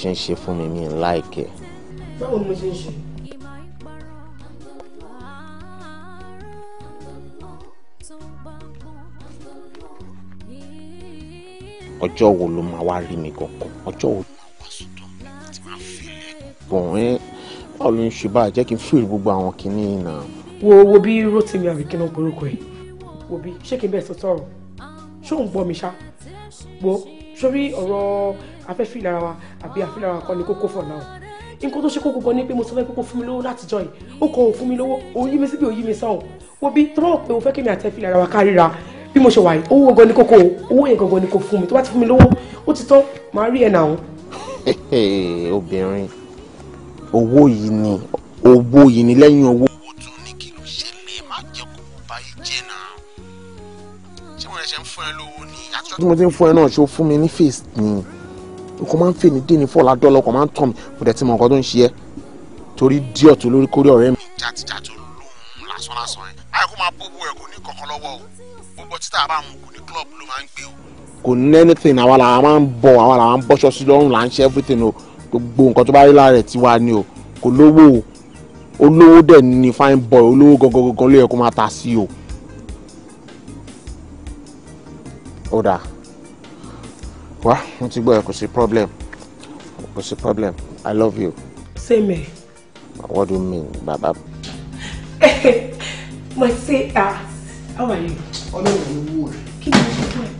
ṣe ń ṣe fún mi mi ń láìkẹ́. báwo ni mo ṣe ń ṣe. ọjọ́ wo ló máa wá rí mi gangan ọjọ́ wo ló máa wá sọ́dọ̀ mi tí máa fi lẹ́kọ̀ọ́ ẹ́ báwo ló ń ṣe báyìí jẹ́ kí n fìrì gbogbo àwọn kinní náà. wo wo bí Rotimi àbíkínà porúkọ ẹ wo bí ṣé kí n bẹ́ẹ̀ sọ ṣé òun gbọ́ mi ṣá wo sórí ọ̀rọ̀ afẹ́fẹ́ ìlara wa àbí àfẹ́lára kan ni kókó fọ̀ náà nǹkan tó ṣe kókó gan ni pé mo sọ fẹ́ pé kó fún mi lówó láti jọ yìí ó kọ òfún mi lówó òun yí mi síbi òun yí mi sàn wo bí tó bá wọ pé o fẹ́ kí mi àti ẹ̀fìn ìlara wa kárìíra bí mo ṣe wà yìí owó gan ni kókó owó yẹn gangan ni kò fún mi tó bá ti fún mi lówó ó ti tán màá rí ẹ̀ nà ó. obìnrin owó yìí ni owó yìí ni lẹ́yìn owó. owó tó ní kí ló ṣẹlẹ̀ má jẹ́ kó bá yìí jẹ́ náà mo rẹ̀ ṣe ń fún ẹ lówó ni. bí mo ti ń fún ẹ náà ṣe ó fún mi ní face ni kò máa ń fè ní déni fọ́ọ̀lá dọ́lọ́ kò máa ń tàn mí kò dẹ̀ ti mọ nǹkan tó ń ṣe ẹ́ torí díọ̀ tó lórí kórè ọ̀rẹ́ mi. jàtijàtò lòun lásán lásán ẹ báyìí kó máa bóbó ẹ kò ní kankan lọ́wọ́ o gbogbo títà bá mu kò ní club ló máa ń gbé o. kò ní anything àwa làwa máa ń bọ̀ àwa làwa ń bọ́ṣọ sí lọ́rùn là ń ṣe everything o gbogbo nǹkan tó bá rí lára ẹ̀ ti wá ni o kò lówó o olówó dẹ̀ ni fine boy olówó gangan gangan ló yẹ kó máa ta sí o. ó dáa wá mo ti gbọ́ ẹ kò sí problem kò sí problem i love you. same here. what do you mean baba. mo ṣe ah how are you. ọlọ́run ló wú rẹ̀. kí ni mo ṣe fún ẹ.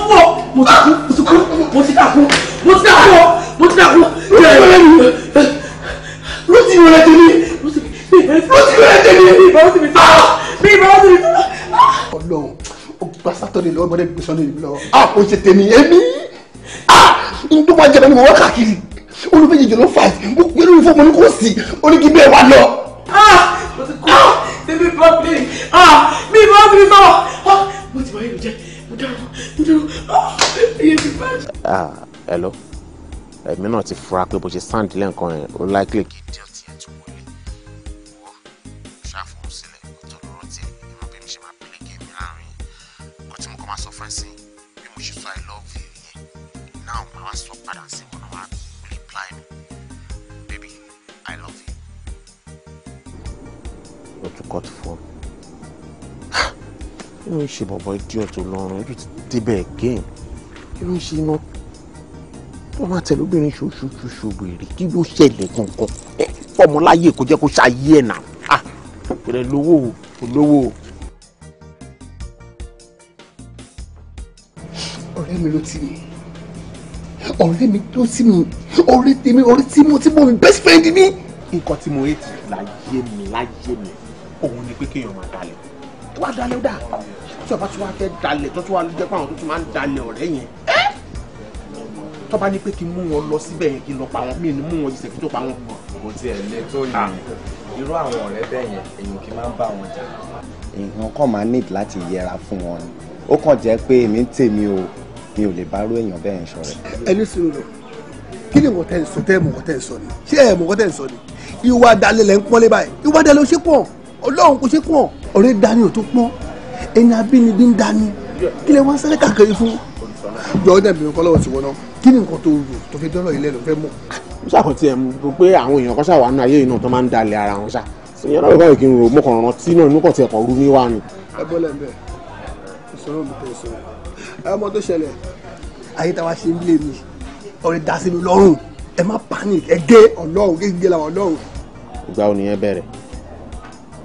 Yeah! mo ti kú mo ti kú mo ti dàkú mo ti dàkú mo ti dàkú. lọ́sì wẹ̀rẹ̀ tó ní lọ́sì wẹ̀rẹ̀ tó ní bí ìbá wọ́n ti mi tó bí ìbá wọ́n ti mi tó. Ah! Ọlọ́run ó gba sátọdẹ lọ́wọ́ ọmọdé gbèsè ọdún ìlú lọ́wọ́ a ah, kò ṣe tèmi èmi ah, n tó máa jẹ mẹ́ni mo wá káàkiri olùfẹ́jì jọ̀lọ́ fà mo pé lórí fún ọmọ ní kò sí oníkì bẹ́ẹ̀ wá lọ. ah mo ti kú ah mi bọ́ọ̀bì ah mi bọ́ọ̀bì sọ̀rọ̀. ah hello ẹ̀mí náà ti fura pé bó ṣe sáǹdì lẹ́ǹkan yẹn ó likely kí díẹ̀ tiẹ̀ tó wọlé wọ́ ṣàfihàn sílẹ̀ tó lọ́rọ̀ tí ìmọ̀ bí mi ṣe máa pèlè gẹ̀mí láàrin kó tí mo kọ́ máa sọ fún ẹ sí bí mo ṣe sọ i love you yẹn now màá wá sọ padà sí ìwọ náà wá reply mi baby i love you. o tún cut phone inú ìṣe bọ̀bọ̀ idiot lọ́rùn ojú ti débẹ̀ again inú ìṣe náà wọ́n máa tẹ̀lé obìnrin ṣoṣooṣo wèrè kí ló ṣẹlẹ̀ kankan ẹ fọmọláyè kò jẹ́ kó ṣàyé ẹ̀ nà á kẹrẹ lówó o lówó o. ọ̀rẹ́ mi ló ti mi ọ̀rẹ́ mi ló ti mi ọ̀rẹ́ tèmi ọ̀rẹ́ tí mo ti mọ̀ mi best friend mi. nǹkan tí mo retí láyé mi láyé mi òun ni pé kéèyàn máa dalẹ̀ tó bá dalẹ̀ ó dà tí ọba tí wàá fẹ́ dalẹ̀ tó tí wàá lè jẹ́ pé àwọn tó ti máa ń dalẹ̀ ọ̀rẹ́ yẹn. ẹ tó bá ní pé kí n mú wọn lọ síbẹ̀ yẹn kí n lọ pa wọn mí ni mú wọn ìṣẹ̀kí tó pa wọn. kò tiẹ̀ lè tó yẹn ah. irú àwọn ọ̀rẹ́ bẹ́ẹ̀ yẹn èèyàn kì í máa ń bá wọn jà. èèyàn kàn máa need láti yẹra fún wọn ni ó kàn jẹ́ pé èmi ń tèmi o mi ò lè bá rú èèyàn bẹ́ẹ̀ ṣọ̀rẹ́. ẹni sùn lọ kí ni nǹkan tẹ́ ń sọ tẹ́ mọ̀ọ́kọ́ tẹ́ ń sọ ni ṣé ẹ̀ mọ̀ọ́kọ́ tẹ́ ń sọ ni ìwà dalẹ̀ lẹ́ ń pọ́nlé báyìí ìwà dalẹ̀ ò ṣe pọ̀ ọlọ́run kò ṣe pọ̀ ọ̀rẹ́ dání ò tó pọ́n ẹni abínibí ń dání kí lè wọ́n sáré kàkiri fún yọ ọdún ẹ̀mí kọ́ lọ́wọ́ tiwọn náà kí ni nǹkan tó rò tó fi dọ́lọ̀ yìí lẹ́nu fẹ́ mọ̀. mo ṣàkóso ẹ̀ mo pé àwọn èèyàn kan ṣàwánú ayé yìí náà tó máa ń dalẹ̀ ara wọn ṣá ìyẹn náà báyìí kí n rò mo kàn rántí náà nígbà tí ẹ̀kọ́ rú mi wá ni. ẹ bọ́ lẹ́ńbẹ̀ ìṣòro mi tẹ̀ sọ̀rọ̀ ẹ mọ tó ṣẹlẹ̀ ayé táwa ṣe ń lé mi ọ̀rẹ́ dá sí mi lọ́rùn ẹ má panic ẹ gé ọlọ́run gégé làwọn ọlọ́run. ìgbà wo nìyẹn bẹ̀rẹ̀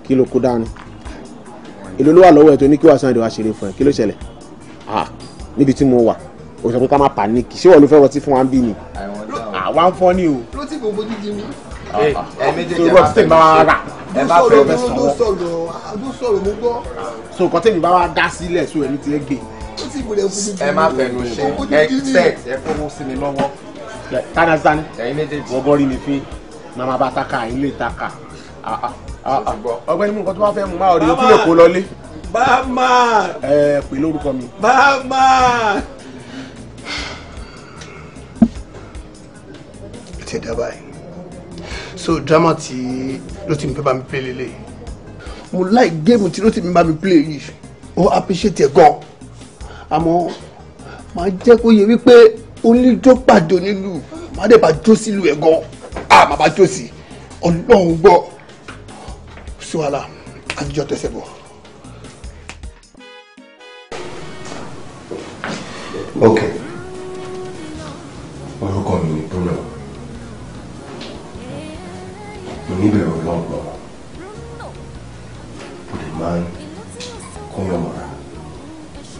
kí ló kó dání èlò ló wà lọ́wọ́ ẹ̀ tó ní kí wàá sàn ìdíwà ṣeré fún ẹ kí ló níbi tí mo wà o sọ pé ká má pàníkì ṣé wọn ló fẹ́ wọtí fún wa ń bí ni. àwa ń fọ́ ni o. lọ́tí kò fojú di mi. Ah, ah, ẹ ah. méjèèjì àbá fẹ́ máa rà. ẹ bá fẹ́ fẹ́ sọ̀rọ̀. ló sọ̀rọ̀ ló sọ̀rọ̀ mo gbọ́. so nǹkan tẹ̀mí bá wa dá sílẹ̀ so ẹ̀mí ti ẹ gé. lọ́tí kò lè fojú di mi. ẹ má fẹnu ṣe ẹ sex ẹ fọwọ́ sí mi lọ́wọ́. tánà sani gbọ́gbọ́ rí mi fín màmá bá taka ilé taka ọgbẹ́ni mú nǹkan tó bá fẹ́ mú má ọ̀rẹ́ yókù lè kó lọlé. Batman. ẹ pè lórúkọ mi. Batman. ti dábàá yìí so drama ti Rotimi fẹ́ bá mi play lélẹ̀ mo like game ti bá mi play yìí ó appreciate ẹ̀ gan àmọ́ màá jẹ́ kó yẹ wípé oníjó pàdó nílùú màá dẹ̀ bá jó sílùú ẹ̀ gan ah màá bá jó sí ọlọ́run gbọ́ sùwàlà àjọ tẹsẹ̀ bọ̀. ok orúkọ mi ni Bruno mo níbẹ̀rù ọlọ́gbọ̀n mo lè máa ń kóyàn mọ́ra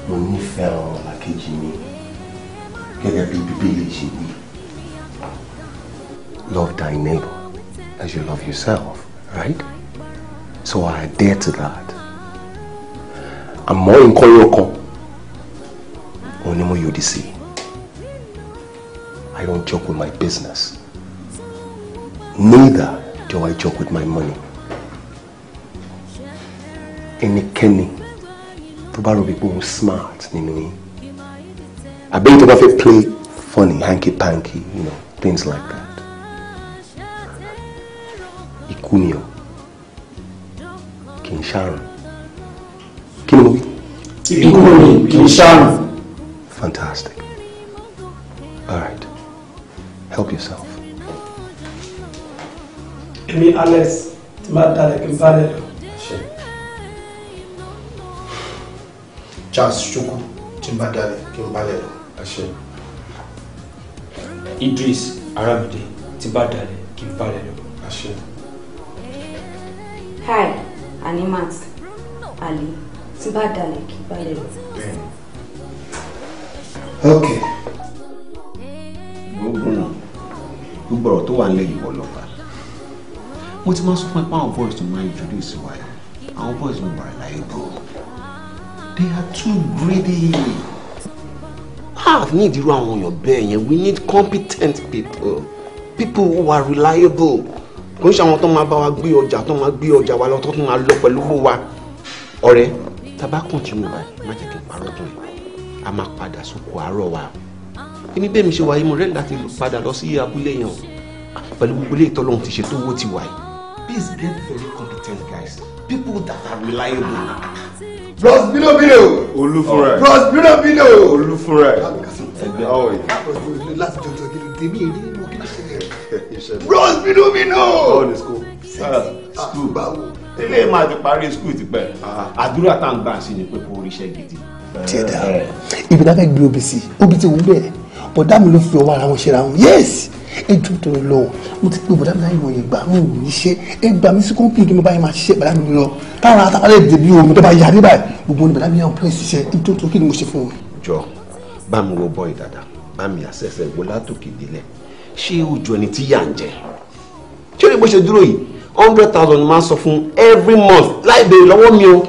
mo nífẹ̀ẹ́ àwọn ọ̀làkejì mi gẹ́gẹ́ bí bíbélì ṣe wí. Love thy neighbor as you love yourself, right? So I dare to that. Àmọ́ nǹkan yóò kan òun ni mo sí I don't joke with my business neither do I joke with my money ẹnikẹ́ni tó bá rò bí pé òun smart nínú yín àbẹ́yìn tó bá fẹ́ play funny hanky panky you know things like that ikú ni o kì í ṣàrùn kí ni mo wí. ikú ni kì í ṣàrùn. Fantastic. All right. Help yourself. Èmi Alex ti máa dalẹ̀ kí Charles Chukwu ti máa dalẹ̀ kí Idris Aramide ti bá dalẹ̀ kí n bá lẹ̀ Hi, Animat Ali ti bá dalẹ̀ Okay. gbogbo náà gbogbo ọ̀rọ̀ tó wà nílẹ̀ ìwọ ló fà mo ti máa sọ fún ẹ pé àwọn boys tó máa introduce wa yìí àwọn boys ló wà láyé bro they are too greedy half need irú àwọn èèyàn bẹ́ẹ̀ yẹn we need competent people people who are reliable kò ń ṣe àwọn tó máa bá wa gbé ọjà tó máa gbé ọjà wa lọ tó tún máa lọ pẹ̀lú owó wa ọ̀rẹ́ tá a bá continue báyìí a máa padà sóko àárọ̀ wa èmi bẹ́ẹ̀ mi ṣe wáyé mo rẹ́ láti padà lọ sí abúlé yẹn o pẹ̀lú gbogbo ilé ìtọ́lọ́hún ti ṣe tó owó ti wà yìí. please get very competent guys people that are reliable. bros bino bino. olúfúnra ẹ bros bino bino. olúfúnra ẹ ẹgbẹ́ ọ̀hún. láti jọjọ nínú tèmi èyí ni mo kí ló ṣẹlẹ̀. bros bino bino. báwo ni school. Ah, ah, school báwo. ilé máa ti parí school tipẹ́ ah. àdúrà tá à ń gbà sí ni pé kó oríṣẹ́ gidi tiẹ̀ dà eh. ibi tá a fẹ́ gbé obì sí obì ti wù bẹ́ẹ̀ bọ̀dá mi ló fi ọwọ́ ara wọn ṣe ra wọn yéèsì ẹjọ́ tó lọ mo ti pe bọ̀dá mi láyé wọ̀nyí gbà mo wù ní ṣe ẹ gbà mí sí kọ́ńpìlì kí mo bá yẹn máa ṣiṣẹ́ bọ̀dá mi lọ táwọn atakálẹ̀ dèbí omi tó bá yà ní báyìí gbogbo ní bọ̀dá mi yàn pẹ́ ṣiṣẹ́ ẹjọ́ tó kí ni mo ṣe fún wọn. jọ bá mi wo bọ́ọ̀ì dáadáa bá mi àṣẹṣẹ wo látòkè délẹ̀ ṣé ó jọ ẹni tí yà ń jẹ ṣé ó lè bó ṣe dúró yìí hundred thousand máa sọ fún every month láì béèrè lọ́wọ́ mi o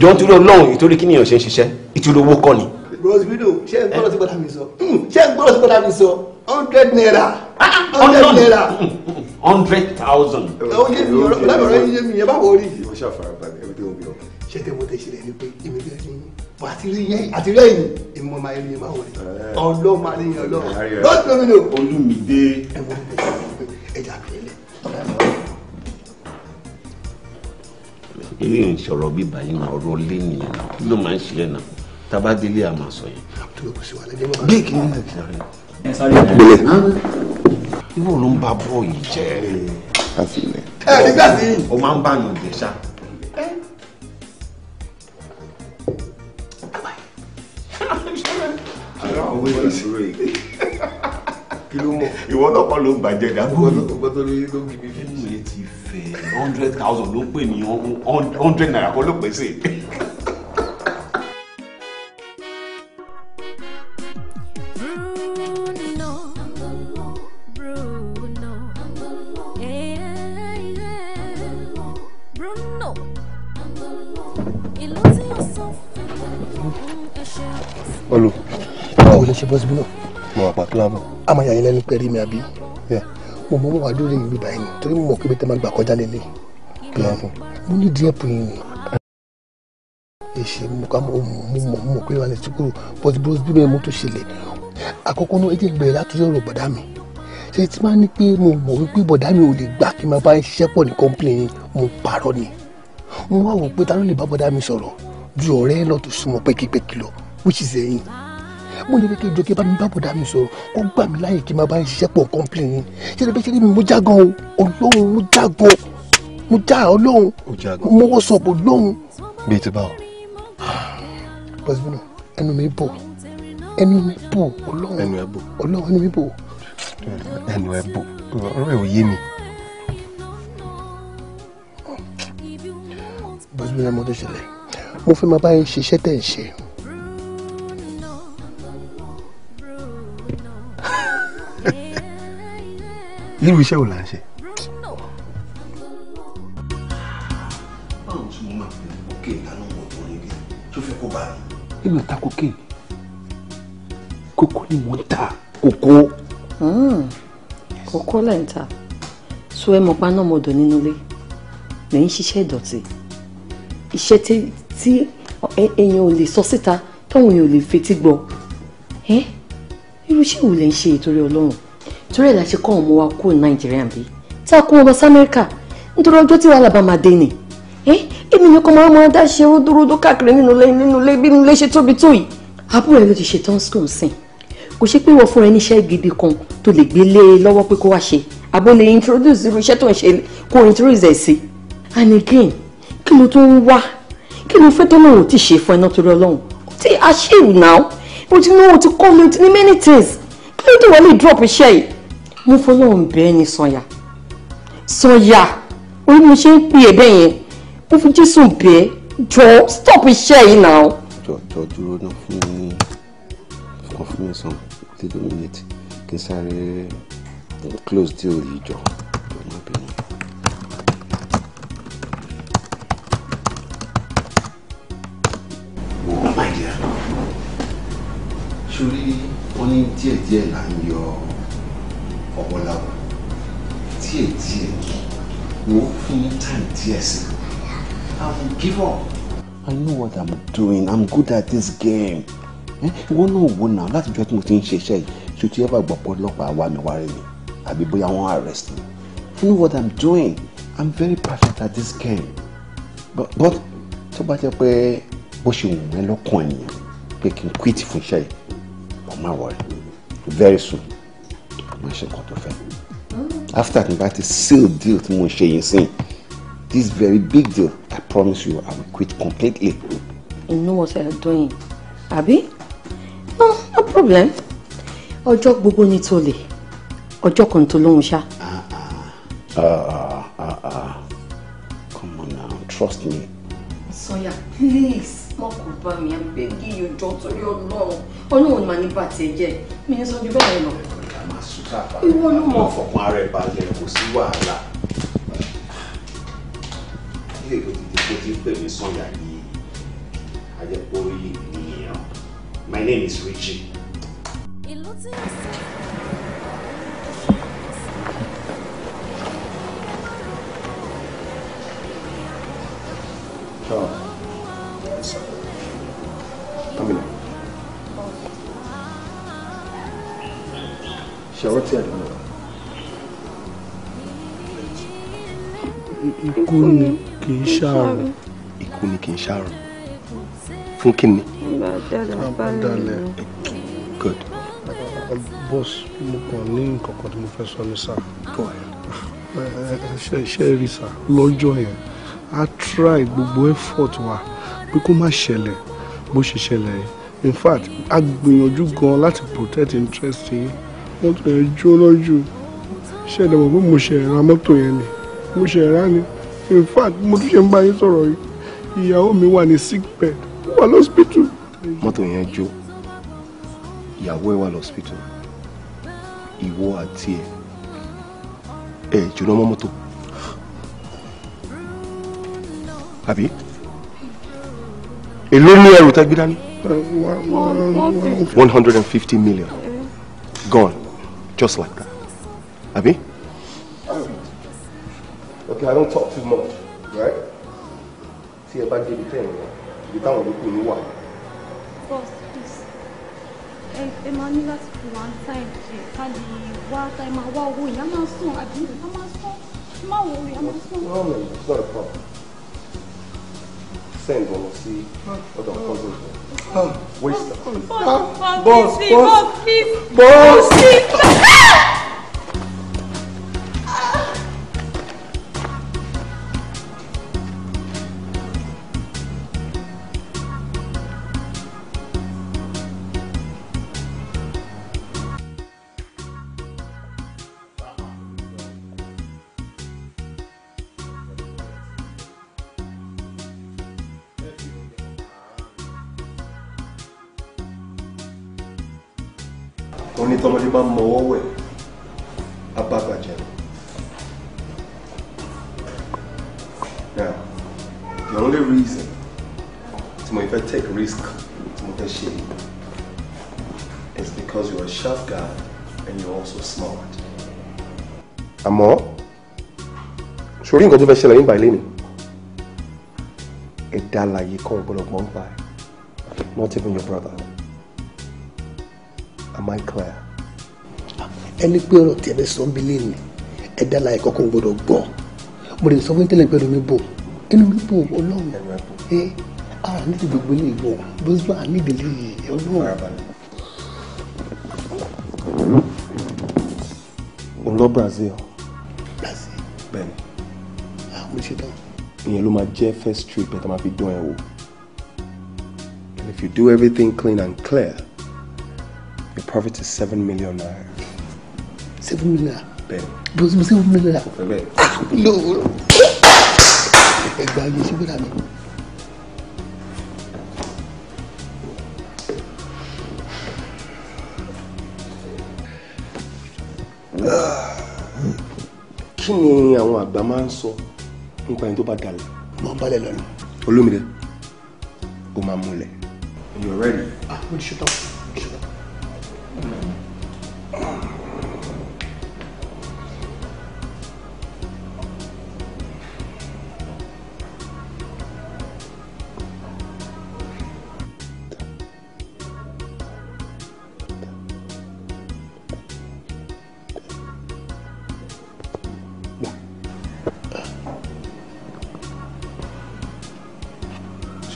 jọ nítorí ọlọ́run ìtorí kíni èèyàn ṣe ń ṣiṣẹ́ ìtorí owó kọ́ ni. rosbino ṣé ń gbọ́dọ̀ sí gbọ́dọ̀ mi sọ hmm, ṣé ń gbọ́dọ̀ sí gbọ́dọ̀ mi sọ hundred naira ah, hundred naira hundred thousand. ọ̀hún yé mi ọ̀rọ̀ lábẹ̀rẹ̀ yé mi yẹn bá wọ orí. ìwọ ṣàfarabalẹ̀ ẹbí tó ń bí ọ. ṣé tẹ mo tẹ ṣe lẹni pé èmi bẹ ní bọ àti rí yẹn àti rí ẹ̀yìn èmi mo máa rí yẹn máa wọlé eh. ọlọ́ọ̀ máa rí yẹn olùmídé ẹ̀wọ̀n ẹ̀jà èmi ò ń sọ̀rọ̀ bí báyìí náà ọ̀rọ̀ lé nìyẹn náà kí ló máa ń ṣe é náà tábà délé a máa sọ yẹn. bí kì í ní ìsàlẹ̀. ìwọ ló ń bá bọ́ yìí jẹ́. o máa ń bá yàn jẹ ṣá. kí ló mọ̀. ìwọ náà kọ́ ló ń bàjẹ́ dá. ìwọ náà ló ń gbé mi hundred thousand ló pè ní hundred naira kọ́ ló pè eh, sí. Olu. Báwo lè ṣe bọ́sibí náà? Mo wà pàtó lábọ̀. Àmọ́ ìyá yẹn lẹ́nu pẹ̀rí mi àbí? mo mọ̀ wá lórí ìlú báyìí ni torí mo mọ̀ pé tẹ́ máa gbà kọjá lélẹ̀ bíọ́dún mo ní díẹ̀pù yìí ni èsì mo ká mo mọ̀ mo mọ̀ pé wà ní sukuru bọ́sí bọ́sí bí bẹ́ẹ̀ mo tó ṣẹlẹ̀ àkọ́kọ́ náà ẹ̀jẹ̀ gbẹ̀rẹ̀ láti yọ̀rọ̀ bọ̀dá mi ṣe tí máa ní pé mo mọ̀ wípé bọ̀dá mi ò lè gbà kí n máa bá ń ṣiṣẹ́ pọ̀ ní kọ́ńpìlẹ̀n mo parọ́ ni mo wá wò pé ta ló lè bá bọ̀dá mi sọ̀rọ̀ ju ọ̀rẹ́ lọ tó súnmọ́ pẹ́kípẹ́kí lọ which is mo ní kékeré jókè bá mi bá bọ̀dá mi sọ̀rọ̀ kó gbà mí láyè kí n máa bá ṣiṣẹ́ pọ̀ kọ́ńpìlì yín ṣé ni bẹ́ẹ̀ ṣe ni mo já gan o ọlọ́run mo já gan mo já ọlọ́run mo wọ́ sọ̀pọ̀ ọlọ́run. bíi ti báwo. bọ́sibínà ẹnu mi bò ẹnu mi bò ọlọ́run ẹnu ẹ bò ọlọ́run ẹnu mi bò. ẹnu ẹ bò ọ̀rọ̀ ẹ ò yé mi. bọ́sibínà mo tó ṣẹlẹ̀ mo fẹ́ máa bá yín ṣiṣẹ́ tẹ̀ ń ṣe. irú iṣẹ́ wo là ń ṣe. báwo tí mo máa fi kókè ìdáná wọn tó níbi tó fẹ́ kó bá mi. nínú ta kókè kókó ni mò ń ta kókó. Hmm. kókó lẹ́ ń ta so ẹ mọ̀ paná mọ̀dọ̀ nínú ilé lẹ́ ń ṣiṣẹ́ ìdọ̀tí iṣẹ́ tí èèyàn ò lè sọ síta táwọn èèyàn ò lè fetí gbọ́ irú iṣẹ́ wo lẹ́ ń ṣe ìtorí Ọlọ́run torí la ṣe kọ́ ọmọ wa kúrò ní nàìjíríà bí tí a kó wọn lọ sí amẹ́ríkà nítorí ọjọ́ tí wàhálà bá máa dé ni èmi ni kò máa máa dá ṣe ródóródó káàkiri nínú ilé nínú ilé bí ilé ṣe tóbi tó yìí àbúrò ẹ ló ti ṣe tán school sìn kò ṣe pé wọ́n fúnra ẹni iṣẹ́ gidi kan tó lè gbé lé e lọ́wọ́ pé kó wá ṣe àbó lè introduce irú iṣẹ́ tó ń ṣe kó introduce ẹ̀ sí and again kí ló tó ń wá kí ló fẹ́ tó náà ò ti ṣe fún ẹ náà torí ọlọ́run ó ti achieve now ó ti náà ó ti kọ́ ló ti ní many things kí ló dé wọ́n drop iṣẹ́ yìí mo fọlọ́run bẹ́ẹ̀ ni sọ̀yà sọ̀yà orí mo ṣe ń pè é bẹ́ẹ̀ yẹn mo fi jésù bẹ́ẹ̀ jọ stop iṣẹ́ yìí náà. jọ jọ dúró náà fún mi kan fún mi sàn tí dominate kí n sáré close tí ò yí jọ jọ má bínú. Oh wọ́n máa yà sórí wọ́n ọ̀bọ̀làwọ̀ díẹ̀ díẹ̀ wò ó fún time díẹ̀ sí i will give up. I know what I'm doing I'm good at this game. ìwọ náà wò náà láti jọ tí mo ti ń ṣiṣẹ́ yìí ṣé o ti yẹ́ bá gbọ́ pé ọlọ́pàá wá mi wáré mi àbí bóyá wọ́n arrest me. I know what I'm doing I'm very perfect at this game. but but tó bá jẹ́ pé bó ṣe wù mí lọ́kàn ènìyàn pé kí n quit fún iṣẹ́ yìí mo máa wọ̀rẹ́ very soon má ṣe nǹkan tó fẹ́ after tí n bá ti seal deal tí mo ṣe yìí sìn this very big deal i promise you i will quit completely. you know what i am doing abi no no problem ọjọ́ gbogbo ni tó lè ọjọ́ kan tó lóhun ṣá. Ah, ah, ah, come on now trust me. sọyà please má kó bá mi i'm begging you jọ torí Ọlọ́run Ọlọ́run ni màá ní bàtì ẹ jẹ mi ní sọjú báyìí lọ tàpá ìwọ ló mọ fọkàn ara balẹ̀ kò sí wàhálà ilé ìwé títí tó ti pè mí sọyà ní àjẹpọ̀ yìí nìyẹn my name is Richie. ìlú tí ó sì. Sure. ṣàwọ́tì àdúgbò. ikú ni kì í ṣàrùn. ikú ni kì í ṣàrùn. fún kíni. àbádálẹ̀ good. boss mo kàn ní nǹkan tí mo fẹ́ sọ ní sáà. go ahead ṣe ṣe rí sá lọ́jọ́ yẹn a try gbogbo effort wa pé kó má ṣẹlẹ̀ bó ṣe ṣẹlẹ̀ in fact a gbìyànjú gan láti protect interest yín mọ́tò yẹn jó lọ́jù ṣẹlẹ̀ wọ̀ pé mo ṣe ra mọ́tò yẹn ni mo ṣe ra ni in fact mo tún ṣe ń bá yín sọ̀rọ̀ ìyàwó mi wà ní sick bed wà lọ́sibítù. mọ́tò yẹn jó ìyàwó ẹ wà lọ́sibítù ìwọ àti ẹ ẹ jóná mọ́ mọ́tò àbí èló ní ẹrù tẹ́gbẹ́ dání. one hundred and fifty million gone. Just like that. Abby. Okay, I don't talk too much, right? See about the thing. The town will be what? Boss, please. Ẹ máa ní láti fi wá time jẹ ká lè wá ká ẹ máa wá owó yìí. A máa sùn àbí a máa I'm Má wo rí a strong. No, no, it's not a problem. Send one, see. Hold on, cousin. Waste of time. Boss, boss, boss, boss. wọ́n ní tọmọdé bá mọ ọwọ́ wẹ̀ abágbàjẹ́ Now, the only reason to me, if I take risk to mo fẹ́ shame, is because you are a sharp guy and you are also smart. Amo, sórí nǹkan tó fẹ́ ṣẹlẹ̀ nígbà ilé ni ẹ̀dá àlàyé kan ò gbọ́dọ̀ gbọ́n pa ẹ̀ not even your brother am clear? ẹni pé ọ̀rọ̀ tí ẹ fẹ́ sọ ń bí léèní ẹ dá láyé kọ́kọ́ gbọ́dọ̀ gbọ́ mo lè sọ fún tẹ́lẹ̀ pé ẹnu bò ẹnu mi bò ọlọ́run ẹ ara mi ti gbogbo ilé ìwọ lóṣù àmì ìdílé yìí ọlọ́run. mo lọ Brazil. Brazil. bẹ́ẹ̀ni. àwọn ah, ìṣẹ̀dá. ìyẹn ló máa jẹ́ first trip ẹ̀ tó máa fi dún ẹ wò. And if you do everything clean and clear profit is seven million naira. seven million naira. bẹ́ẹ̀. bó ṣe seven million naira. bẹ́ẹ̀. ah no. ẹgbàá yìí ṣubú dà mí. kí ni àwọn àgbà máa ń sọ nípa ẹni tó bá dalẹ̀. mo ń balẹ̀ lọ́nà. olómìnira o máa múlẹ̀. you are ready. ah mo ti ṣe tán.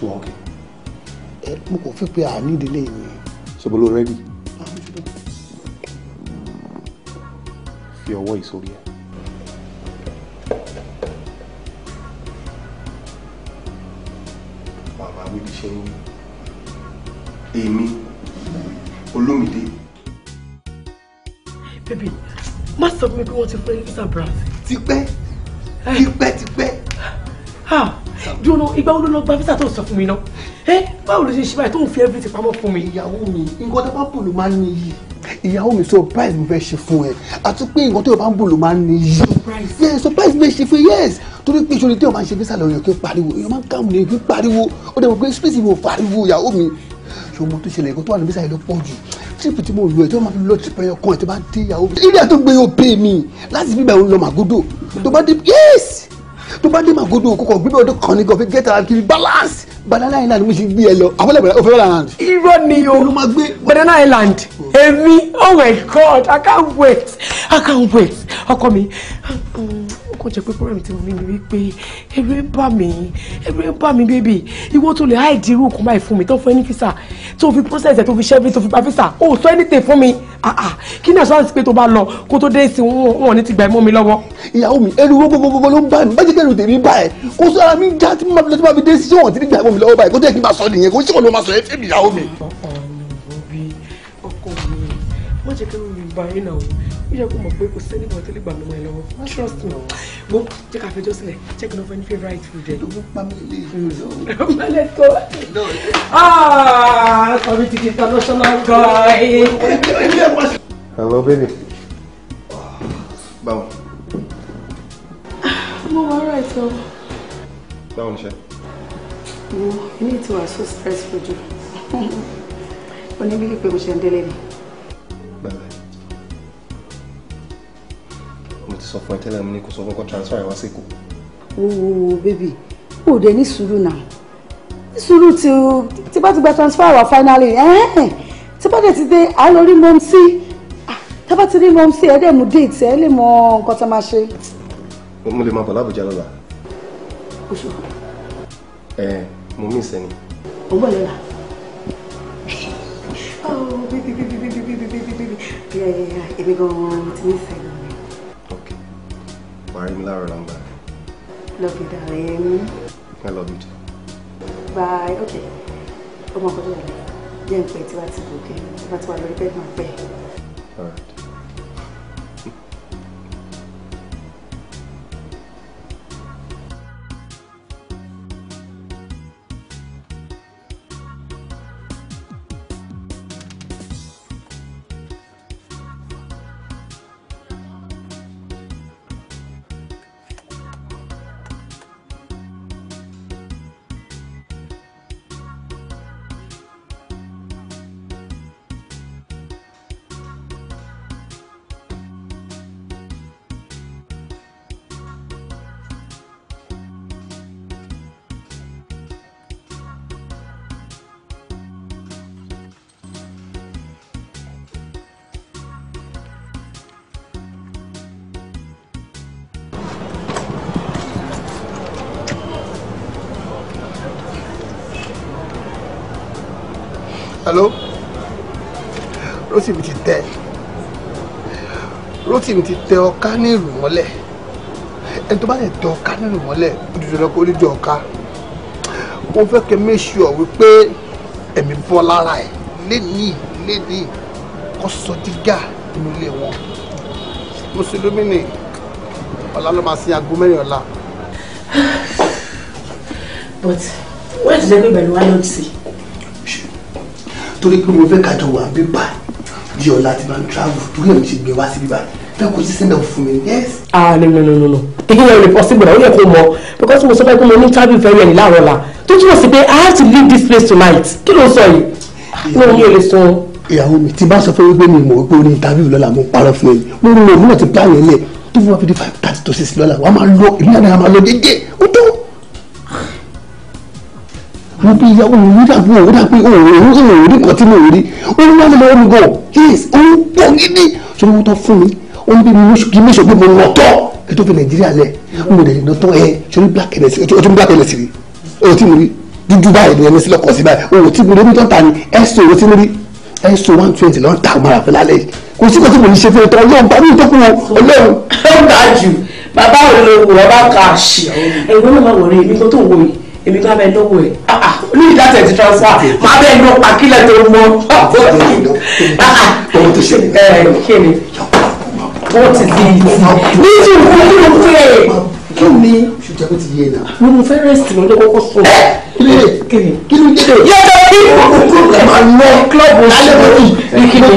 ṣé wàá òkè. ẹ mo kò fi pé àní ìdílé mi. ṣebí ló rẹ́dí. fi ọwọ́ yìí sórí ẹ̀. bàbá mi ti ṣe ń èmi olómìdé. bébì má sọ fún mi pé wọ́n ti fún ẹ ní visa ti pẹ́ eh. ti pẹ́ ló ìgbà wo ló lọ gba visa tó sọ fún mi náà ẹ báwo ló ṣe ṣe báyìí tó ń fi everything pamọ́ fún mi. ìyàwó mi nǹkan tó bá bò ló máa ń níyì. ìyàwó mi price mo fẹ́ ṣe fún ẹ àti pé nǹkan tó bá ń bò ló máa ń níyì. surprise yes surprise mi ṣe fún yes torí pé ìṣòro tí o máa ń ṣe visa lọ́yọ̀ kí o pariwo èèyàn máa ń kàmù ní kí o pariwo ó dẹ̀ mọ̀ pé space mi ò pariwo ìyàwó mi ṣùgbọ́n tó ṣẹlẹ̀ nǹkan tó wà ní visa yìí ló pọ̀ jù tíìpù tí mo lò ẹ tí wọn máa fi lọ tìpẹ ọkàn ẹ tó bá dé ìyàwó mi. ilé àtúgbẹ́ yóò pè mí láti bíbẹ̀ òun lọ màgódò tó bá dé yéèsì bá dé màgódò kókò gbígbé ọdún kan ní gọfẹ gẹta kiri balance banana island mo ti gbé ẹ lọ àwọn ẹlẹbẹrẹ òfin island. irọ́ ni o banana island èmi oh my god i can't wait i can't wait ọkọ mi kò jẹ́ pé problem tí mo ní ni wípé ẹ̀rù ń bà mí ẹ̀rù ń bà mí bébì ìwọ tó lè háìdì irú òkú báyìí fún mi tó fún ẹni físà tó fi process ẹ̀ tó fi ṣẹ́bí tó fi pa físà ó sọ anything fún mi ah, ah. kí ni assurance pé tó bá lọ kó tó dé sí wọn ní ti gbà ẹ mọ́ mi lọ́wọ́. ìyàwó mi ẹ̀rù wo gbogbogbò ló ń bá mi bájú kẹrù tèmi bá ẹ kó sọ ara mi já tí mo máa fi dé sí wọn ti gbà mọ́ mi lọ́wọ́ báyìí kó tó yẹ kí n máa sọ nìyẹn kó sì kọ́ ló máa sọ ẹ fẹ́ mi ìyàwó mi. ọkọ mi ọkọ mi má jẹ́ kẹ́rù mi bá náà ó yẹ kó mọ̀ pé kò sẹ́ni bọ̀ tó lè gbà mọ́ ẹ lọ́wọ́ trust me mo jẹ́ ká fẹjọ́ sílẹ̀ check in of any favourite food ẹ. lóko pa mi lè yí o. ọmọ lè tó. ah sọmi ti di international guy. hello baby. báwo. mo wà ọ̀rọ̀ ẹ̀tọ́. báwo ni ṣe. mo ní ìtura so stressful jù oníbílí pé mo ṣe ń délé ni. sọ fún ẹ tẹ́lẹ̀ mi ni kò sọ fún ọkọ transfer ẹ wá sí Èkó. ooo baby o dẹ ní sùúrù náà ní sùúrù tí o tí bá ti gba transfer wa finally tí bá dẹ̀ ti dé à ń lọ rí mọ́mísí ah, tá bá ti rí mọ́mísí ẹ dẹ̀ mú déètì ẹ lè mọ nǹkan tá a máa ṣe. mo lè máa bọ̀ lábùjá lọ́la. oṣù. ẹ mo mí ìsẹ́ni. ó bọ̀ lọ́la. oh bíbí bíbí bíbí bíbí bíbí bíbí èmi gan-an ti ní ìsẹ́ni máa mi láàárọ̀ lọ́ngbà. love you darling. I love you too. bye okay ọmọ ọkọ tó wà lẹ́yìn jẹ́ ń pẹ́ tí wàá ti gòkè tí wàá ti wà lórí bẹ́ẹ̀ máa pẹ́. all right. hello Rótìmí ti tẹ Rótìmí ti tẹ ọká ní ìlú mọ́lẹ̀ ẹni tó bá lè tẹ ọká ní ìlú mọ́lẹ̀ dùdú lọ kó níjọ ọká wọ́n fẹ́ kẹ́ make sure wípé ẹ̀mí bọ́ lára ẹ̀ lénìí lénìí kó sọ dígà nínú ilé wọn mùsùlùmí ni ọ̀la ló máa sin aago mẹ́rin ọ̀la. but where did everybody wan lọ see? torí pé mo fẹ́ kájọ wà bíbà di ọ̀la tí máa ń travel torí ẹ̀ mi gbé wá sí bíbà fẹ́ kó sí sẹ́ndà fún mi yes. ah no no no no no èyí náà lè possible náà ó yẹ kó mọ because mo sọ fẹ́ pé mo ní travel very early láàárọ̀ la tó túmọ̀ sí pé i have to leave this place tonight kí ló sọ yìí mi ò ní èlé sun. ìyàwó mi tí bá sọ fún mi pé mi mọ̀ wípé o ní interview lọ́la mo parọ́ fún mi mo rò mo náà ti plan yẹn lẹ̀ two hundred fifty five thirty to six lọ́la wàá máa lọ ìlú àná máa lọ déédéé ó tó mo bí ìyá òun rí dàbí òun dàbí òun òun òun rí kan tí mo rí òun wà lọ́wọ́ mi gan yes òun pọ̀ gidi sọ́dọ̀ wọ́n tán fún mi ó ń bí mi kí mi sọ mo nà tọ́ kí tó fi nàìjíríà lẹ̀ mo lè nà tán ẹ sọ́dọ̀ black ẹ̀ lẹ́sìn ọtún black ẹ̀ lẹ́sìn rí ọ̀rọ̀ tí mo rí dúdú báyìí ni ẹni sílẹ̀ kọ̀ sí báyìí ọ̀rọ̀ tí mo rí mi tán ta ni ẹ̀ sọ ọ̀rọ̀ tí mo rí ẹ̀ sọ one twenty lọ́n ta mara fẹ́ lálẹ́ kò sí kòtí mo ní ṣe fún ẹ̀tọ́ ọlọ́run bá mi tó kú ó dájú bàbá òun ló wù ọ kà á ṣe ẹ̀wọ́n náà máa wọ̀rẹ́ èmi kó tó wọ̀ mí èmi bá bẹ lọ́wọ́ ẹ̀ ah, ah, ní ìdásẹ̀ ti transfer máa bẹ lọ pàkílẹ̀ tó mọ́. Ah, ohun tó ṣẹlẹ̀ ẹ kí ni wọ́n ti di nítorí nǹkan tó ń pè é. kí ni ṣùjẹ́ kó ti yé e náà. mo fẹ́ rẹ́sì lọ́jọ́ kọ́kọ́ sùn. ẹ kí ni kí ni dédé. yóò dé bí kókó ẹ máa lọ kílọ̀bù lálẹ́ lórí ní kí ni.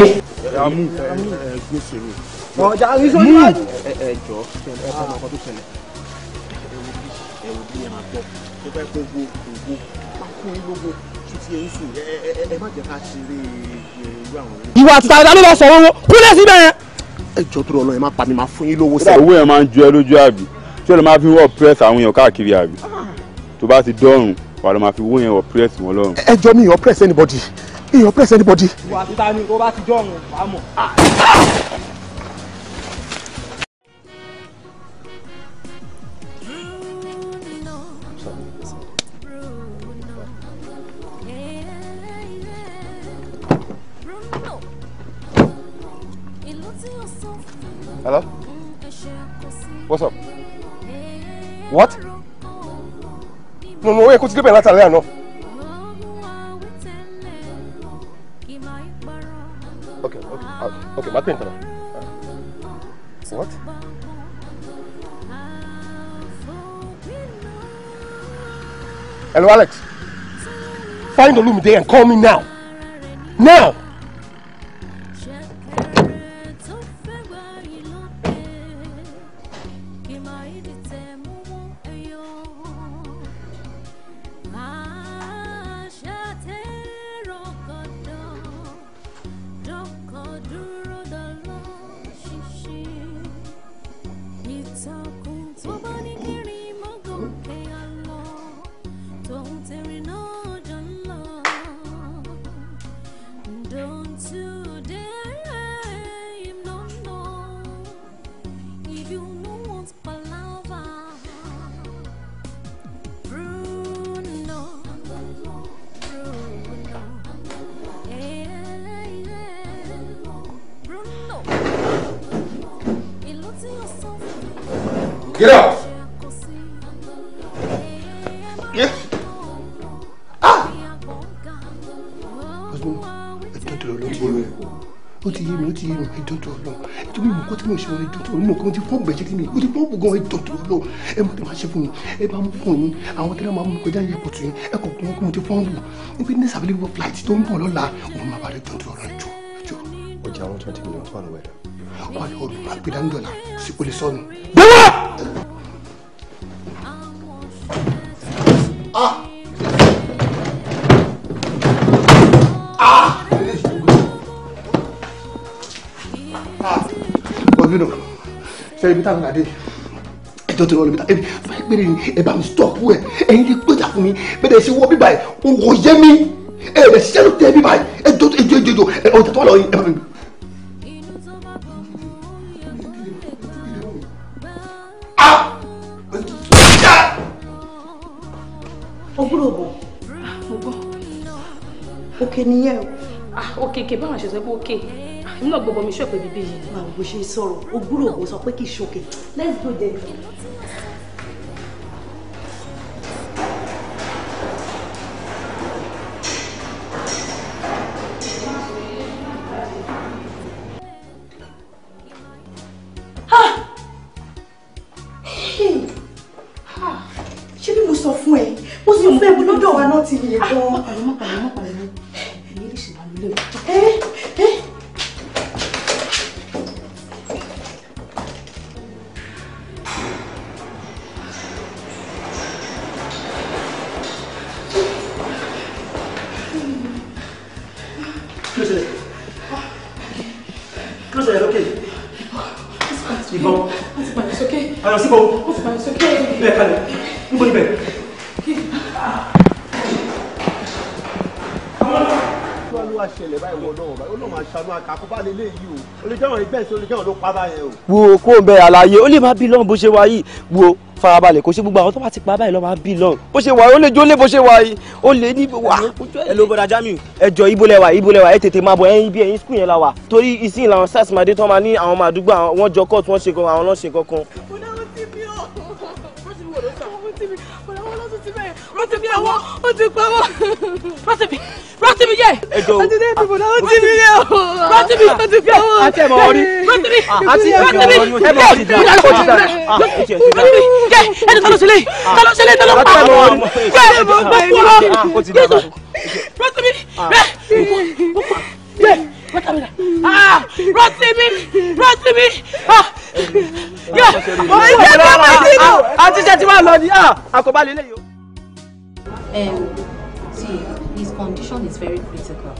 ọjà ìṣòro ẹ ẹ jọ ẹ ẹ mọ ọkọ tó ṣẹlẹ̀ ẹ̀wù bí ẹ máa gbọ́ tó bá gbogbo gbogbo pákó gbogbo títí ẹ̀yìn sùn ẹ má jẹ́ ká ṣeré irú àwọn. ìwà tàdá ló lọ sọ̀rọ̀ owó kúlẹ̀ síbẹ̀ yẹn. ẹ jọ tó lọ ẹ má pa mi máa fún yín lówó sẹ. owó yẹn máa ń ju ẹ lójú àbí tí ó lè máa fi wọ press àwọn èèyàn káàkiri àbí tó bá ti dọ́rùn wà ló máa fi wó yẹn wọ press wọn lọ́rùn. ẹ jọ mi ìyàn press anybody ìyàn press anybody. ìwà títa ni tó bá ti dọ́rùn wà á mọ̀. bẹ̀rẹ̀ látàlẹ́ àná. ok ok ah, ok máa pè ní tọ́lá. what. hello Alex find Olumide and call me now now. Get out! Yeah. Ah! Osmo, ẹjọ́ tó lọ ti yé mi ó ti yé mi ẹjọ́ tó lọ ẹjọ́ mi mọ̀ kó tí mo ṣe wọn ẹjọ́ tó lọ mo kò tí fún gbẹ̀jẹ̀ tí mi ó ti fún ògùn ẹjọ́ tó lọ ẹ mọ̀ tí mo ṣe fún mi ẹ bá mú fún yín àwọn tẹ́lẹ̀ máa mú kọjá yẹ kò tún yín ẹ kò kún ọkùnrin tí fún wù níbi ní sàbílẹ̀ wọ flight tó ń bọ̀ lọ́la òun máa bá ẹjọ́ tó lọ ẹjọ́. ọjà àwọn twenty million tó wà lọ́wọ́ ẹ̀dá wà lọ rò bá gbéra ńdọ̀là sí kò lè sọnù. gbẹ́wà. ah ah ọdún nù sẹ́yìn bí táwọn àdé ẹjọ́ tó rọ lóbi ta ebi báyìí péré ni ẹ bá mi stọọpù ẹ ẹyin lè gbèjà fún mi bẹ́ẹ̀ ṣe wọ bíbá ẹ wò yẹ mi ẹ ẹ ṣiṣẹ́ ló tẹ bíbá ẹ ẹjọ́ ẹjọ́ ẹjọ́ ọjà tó wà lọ yìí ẹ bá mi. o gbúdọ̀ bọ̀. mo gbọ́. Ah, òkè nìyẹn o. òkè kè báwọn ṣe sọ pé n ah, náà gbogbo mi ṣọ̀pẹ̀ bíbí yìí. màá bó ṣe sọ̀rọ̀ o gbúdọ̀ bọ̀ sọ pé kì í ṣòkè let's go there. ìbọn. wọ́n ti pàdé sókè. àlọ́ síbò. wọ́n ti pàdé sókè. bẹ́ẹ̀ kalẹ̀ níbo níbẹ̀. wo kó o bẹ àlàyé ó lè má bí lọ́n bó ṣe wáyé wo farabalẹ̀ kò ṣe gbogbo àwọn tó bá ti pa báyìí lọ máa bí lọ bó ṣe wà ó lè jólé bó ṣe wà yìí ó lè ní wà. ẹ ló bọ̀dá Jamiu ẹjọ ibolẹwà ibolẹwà ẹ tètè máa bọ ẹyin bí ẹyin skul yẹn la wà torí ìsìn làwọn sars máa tó máa ní àwọn máa dúgbò àwọn jọkọ̀ tí ṣe kankan àwọn náà ṣe kankan. Rotimi ẹ̀wọ̀ ó ti pa wọ́n. Rotimi Rotimi yẹ. Ẹjọ́ o. Àti dé ìdìbò náà ó ti mi yẹ o. Rotimi ó ti pa wọ́n. Àti ẹ̀mọ̀ orí. Rotimi àti Rotimi ẹ̀mọ̀ orí ti dà. Rotimi yẹ ẹni tó lọ sílé tó lọ sílé tó lọ pa. Yẹ ẹ̀mọ̀ orí ti dà. Rotimi yẹ. Ah, Rotimi, Rotimi, ah, yẹ, ọ̀rẹ́ ìjẹ́ tó máa ń dínú. Àti ìjẹ́ tí wàá lọ ni, ah, àkọ́bá lélẹ́yìí o. Um, see, his condition is very critical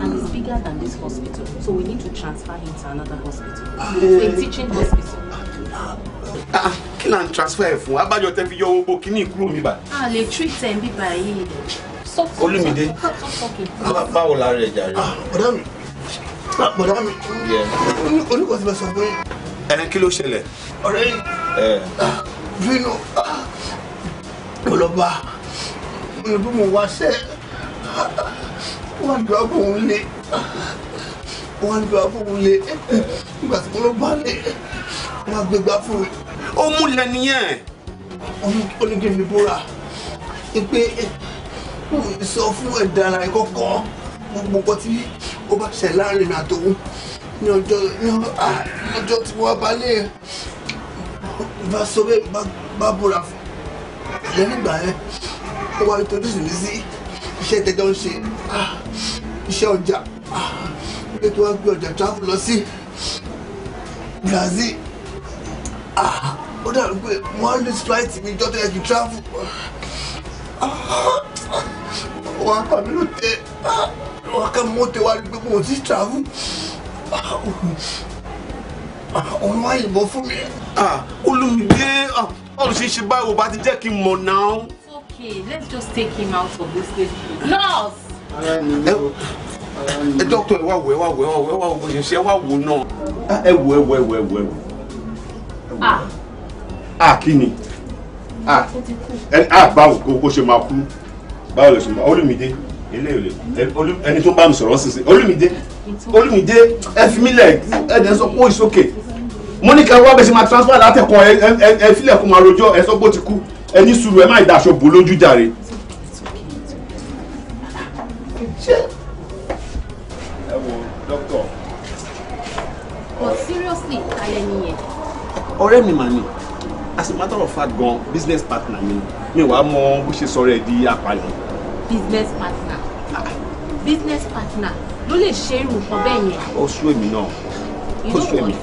and it's bigger than this hospital. So we need to transfer him to another hospital. Uh, a eh. teaching hospital. Ah, can ah, I ń transfer ẹ̀ fún? Abájọ your fi your owó can you kúrò me back? Ah, lè treat him, ẹ̀ bíbá yìí. Olúmídé, báwo la rẹ̀ jàre? Bọ̀dá ah, you bọ̀dá mi, oníkọ̀ọ́ ti bá sọ pé. Ẹ̀rẹ̀ kí ló ṣẹlẹ̀? Ọ̀rẹ́ yìí, eh. Ah, Ọlọ́ba irú mo wá ṣe wọ́n dùn abóhun lé wọ́n dùn abóhun lé nígbà tí mo lọ bá lé wọ́n agbégbá fún mi. ó múlẹ̀ nìyẹn. ó ní kí n bóra pé sọ fún ẹ̀dá ara ìkọ̀kọ̀ gbogbo nǹkan tí ó bá ṣẹ̀ láàrin mi ní ọjọ́ ọjọ́ tí wọ́n bá lé bá sọ bẹ́ẹ̀ bá bóra fún ẹ̀ lẹ́yìn ìgbà yẹn tó wá introduce mi sí iṣẹ́ tẹ́jọ́ ń ṣe ah, iṣẹ́ ọjà pé ah, kí wọ́n gbé ọjà travel lọ sí Brazil ah, ó dàrú pé wọ́n lè flight mi jọ́tọ̀ yẹ kí travel wọ́n á pa mí ló tẹ wọ́n á ká mọ́tẹ́ wá rí pé mo ti travel wọ́n wá yìnbọn fún mi olùdíje ọ̀rùn ṣe é ṣe báyìí wò bá ti jẹ́ kí n mọ̀ náà let's just take him out of this place nurse. ẹ dọ́kítọ̀ ẹ wá wò ẹ wá wò you say wò ẹ wá wò ẹ ṣe ẹ wá wò Ah, ẹ wò ẹ wò ẹ wò ẹ wò ẹ wò. a ah. ah, kí ba a ah, báwo kó ṣe máa kú báwo lè ṣe máa Olúmídé ẹni tó bá mi sọ̀rọ̀ sísè Olúmídé Olúmídé E fi mí lẹ̀ ẹ dẹ̀ sọ pé it's okay mo ní ká wá bẹ́ẹ̀ ṣe máa transfer látẹ̀kọ́ ẹ filẹ̀ kó máa rojọ́ ẹ sọ pé ó ti ku ẹni sùúrù ẹ má ìdaṣọ bò lójú jàre. but seriously alẹ́ nìyẹn. ọ̀rẹ́ mi mà ní as a matter of fact gan business partner mi mi wàá mọ bó ṣe sọ̀rọ̀ ẹ di apààyàn. business partner business partner ló lè ṣe irú nǹkan bẹ́ẹ̀ yẹn. ó sú èmi náà ó sú èmi.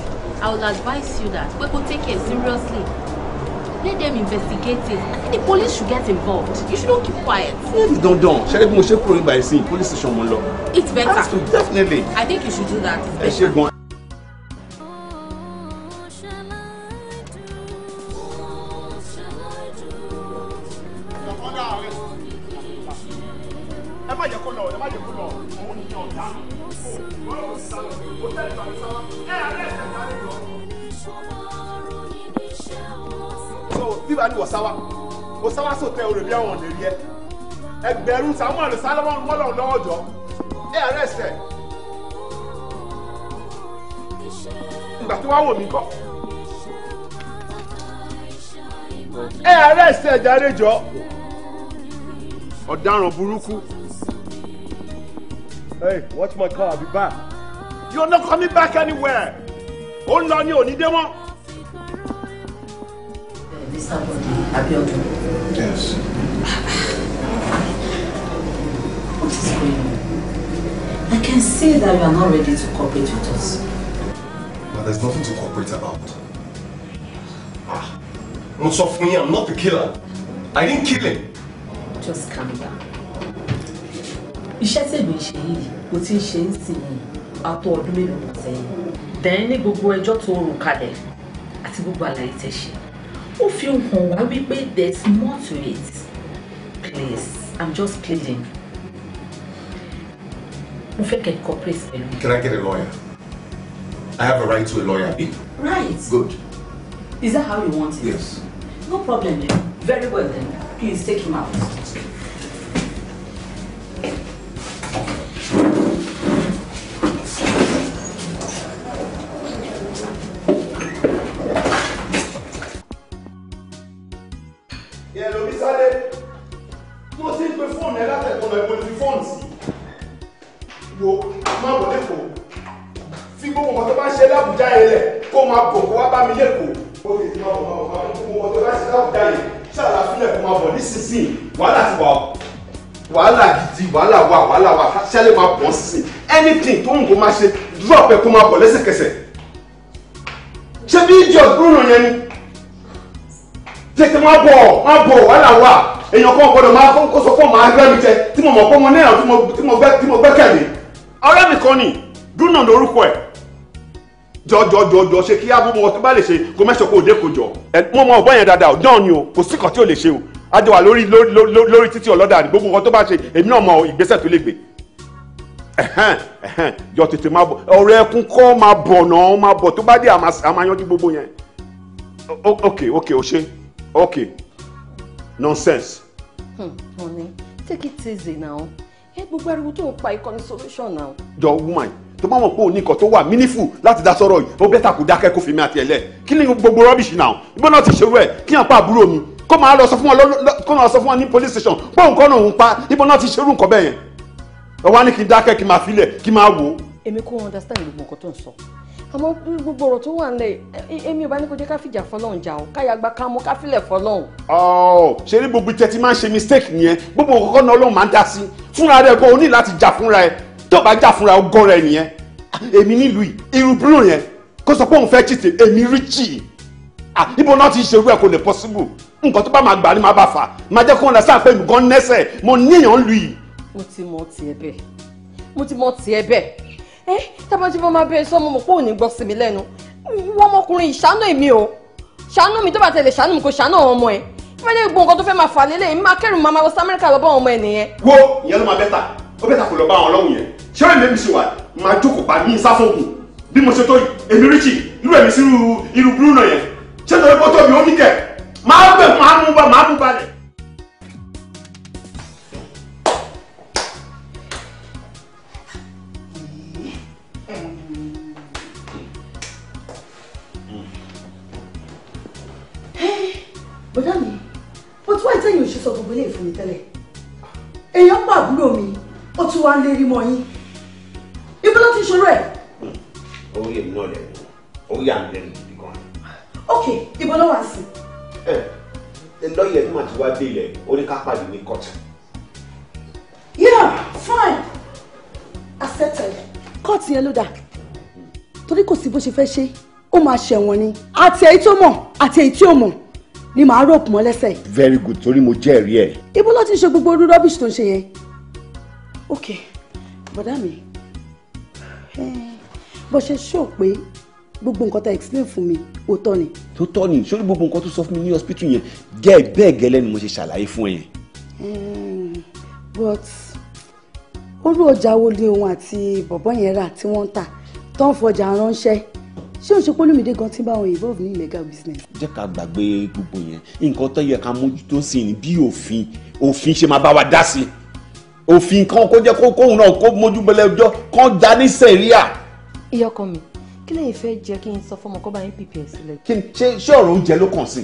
I will advise you that pé kó take it seriously let them investigate it i think the police should get involved you should not keep quiet. really dandan ṣẹlẹ bí mo ṣe kúrò nígbà ìsìn police station mo lọ. it's better that's true definitely. i think you should do that it's better. ẹ ṣe gan. ẹ wa ni wọ̀sáwá wọ̀sáwá sòtẹ́ o lè bí àwọn ọ̀nà rí ẹ ẹgbẹ̀rún Samuel Salomon mọ́lọ̀ lọ́wọ́ jọ ẹ arrest ẹ ìgbà tí wàá wò mí kọ́ ẹ arrest ẹ jàre jọ ọ̀daràn burúkú. Hey, watch my car, I'll be back. You're not coming back anywhere. Ó ń lọ ní òní dé wọ́n. Sabodi Abiodun. Yes. What is going on? I can see that you are not ready to cooperate with us. But there's nothing to cooperate about. Ah, not sọ fún yín, I'm not the killer. I didn't kill him. Just calm down. Iṣẹ́ tèmi ń ṣe yìí, mo ti ń ṣe ń sìn yìí, atọ́ ọdún mélòó kan sẹ́yìn. Dẹ̀rín ní gbogbo ẹjọ́ tó rùn kalẹ̀ àti gbogbo àlàyé ó fi hàn wá wípé there is more to it please i'm just pleading mo fẹ́ kẹ́ corporate pẹ̀lú. can i get a lawyer i have a right to a lawyer. right good. is that how you want it. yes. no problem then very well then please take him out. ti ń pe fóònù ẹ látẹ̀kọ́ lọ ẹ̀kọ́ ti fóònù sí. wo máa bọ̀ lẹ́kọ̀ọ́ fi gbogbo ọmọ tó bá ń ṣe lábùjá yẹn lẹ̀ kó máa bọ̀ kó wá bá mi lẹ́kọ̀ọ́. ó lè ti máa bọ̀ máa bọ̀ gbogbo ọmọ tó bá ṣe lábùjá yẹn ṣáàlà kó máa bọ̀ nísinsìnyí wàhálà ti wà wàhálà gidi wàhálà wà wàhálà wà ṣálẹ̀ máa bọ̀ sí anything tó ń kó máa ṣe drop ẹ kó máa bọ̀ lẹ́sẹ̀kẹsẹ̀ ṣé bí idiot bruno yẹn ni tètè máa bọ̀ máa bọ̀ wàhálà wà èèyàn kan gbọ́dọ̀ máa fún kó sọ fún màá rẹ́ mi jẹ tí mo mọ̀ pé mo ní ìràn tí mo gbẹ́kẹ̀lé ọ̀rẹ́ mi kan ni dúnà lórúkọ ẹ̀ jọjọjọjọ ṣe kí abúmọ̀ ọtí bá lè ṣe kó mẹ́sàn kó òde kó jọ mo mọ ọ̀bọ̀n yẹn dáadáa dán ni o kò sí kan tí ò lè ṣe o adé wa lórí lórí títí ọlọ́dà ni gbogbo nǹkan tó bá ṣe èmi náà mọ ìgbésẹ̀ tó lè gbé ẹ̀hẹ́n ẹ̀hẹ́n yọ tètè máa bọ̀ ọ̀rọ̀ ẹkún kọ́ máa bọ̀ náà máa bọ̀ tó bá dé àmà yanjú gbogbo yẹn ok ok o ṣe ok. okay nonsense. Hmm, honey take it easy now ẹ gbogbo ariwo tó ń pa ikọ́ ní solution now. jọ woman tó bá mọ̀ pé òní nǹkan tó wà meaningful láti dá sọ́rọ̀ yìí ó bẹ́tà kó dákẹ́ kó fi mi àti ẹ̀ lẹ̀ kí ni gbogbo rubbish now ìbọn náà ti ṣerú ẹ̀ kí yàn pa àbúrò mi kó máa lọ sọ fún wọn kó máa sọ fún wọn ní police station pé òun kọ́ náà òun pa ìbọn náà ti ṣerú nǹkan bẹ́ẹ̀ yẹn ọwọ́ á ní kí n dákẹ́ kí n máa filẹ̀ kí n máa wò èmi kò understand gbogbo nǹkan tó ń sọ àmọ́ gbogbo ọ̀rọ̀ tó wà nílẹ̀ èmi ò bá ní kó jẹ́ ká fìjà fọlọ́run jà o káyà gba ká mú ká filẹ̀ fọlọ́run. ọ oh, ṣe ní gbogbo ìjẹ máa ń ṣe mistake nìyẹn gbogbo kọ́kọ́ náà Ọlọ́run máa ń dá sí fúnra rẹ̀ kó o ní láti jà fúnra ẹ tó bá jà fúnra ọgọ́ rẹ nìyẹn èmi nílùú yìí irú búrò yẹn kó sọ pé òun fẹ́ chìtì èmi rí chì ibo náà ti ṣerú ẹ kò lè possible nǹkan tó bá máa gbà ní máa bá fà máa jẹ́ kó wọn lásán ẹ tábà tí mo máa bẹ̀rẹ̀ sọ mo mọ̀ pé ò ní gbọ́ sí mi lẹ́nu wọ́n ọmọkùnrin ìṣàánú èmi o ṣàánú mi tó bá tẹ̀lé ṣàánú mi kò ṣàánú àwọn ọmọ ẹ̀ fẹ́lẹ́ gbọ́ nǹkan tó fẹ́ máa fà lélẹ̀ yìí máa kẹ́rù máa máa lọ sí amẹ́ríkà lọ bá àwọn ọmọ ẹ̀ nìyẹn. wo ìyẹn ló máa bẹ́tà ó bẹ́tà kò lọ bá àwọn ọlọ́run yẹn ṣé èmi mi ṣe wà máa jókòó pa ní ìsáfògùn bí mo ṣe tó èmi ríṣì irú èmi sí irú irú búrúnà yẹn ṣé torí pọ́tọ́ mi tẹ́lẹ̀ èèyàn pàbúrò mi ó tún wá ń lérí mọ́ yín ibi ló ti ṣòro ẹ̀. orí èmi náà lẹ́nu orí à ń lẹ́nu kan. ok ibo ló wà sí. ẹ lọ́ọ̀yẹ̀ tó máa ti wá dé ilẹ̀ ó ní kọ́tù. yeah fine accepted. kọ́ọ̀tù yẹn ló dà torí kò sí bó ṣe fẹ́ ṣe ó máa ṣẹ̀wọ̀n ni àti èyí tó mọ̀ àti èyí tí ò mọ̀ ni màá rope mọ́ lẹ́sẹ̀. very good torí mo jẹ́rìí ẹ̀. ibo ló ti ṣe gbogbo irú rubbish tó ń ṣe yẹn. ok bọ̀dá mi bó ṣe ṣó pé gbogbo nǹkan tá explain fún mi ó tọ́ ni. tó tọ́ ni sórí gbogbo nǹkan tó sọ fún mi ní hospital yẹn gẹ́ẹ̀ bẹ́ẹ̀ gẹ́lẹ́ ni mo ṣe ṣàlàyé fún ẹ yẹn. but olú ọjà wo ni òun àti bọ̀bọ́ yẹn rà tí wọ́n ń tà tó ń fọjà ránṣẹ́ ṣé o ṣe pólúmídé gan tí ń bá wọn involve ní illegal business. jẹ́ ká gbàgbé gbogbo yẹn nǹkan tó yẹ ká mójútó sí ni bí òfin òfin ṣe máa bá wa dá sí òfin kan kó jẹ́ kókóhùn náà kó mójú bẹ̀lẹ̀ ọjọ́ kan dá ní sẹ̀ríà. ìyọkọ mi kí lẹ́yìn fẹ́ jẹ́ kí n sọ fọmọ kó bá yín pípẹ́ sílẹ̀. kí n ṣe ṣé ọ̀rọ̀ oúnjẹ ló kàn sí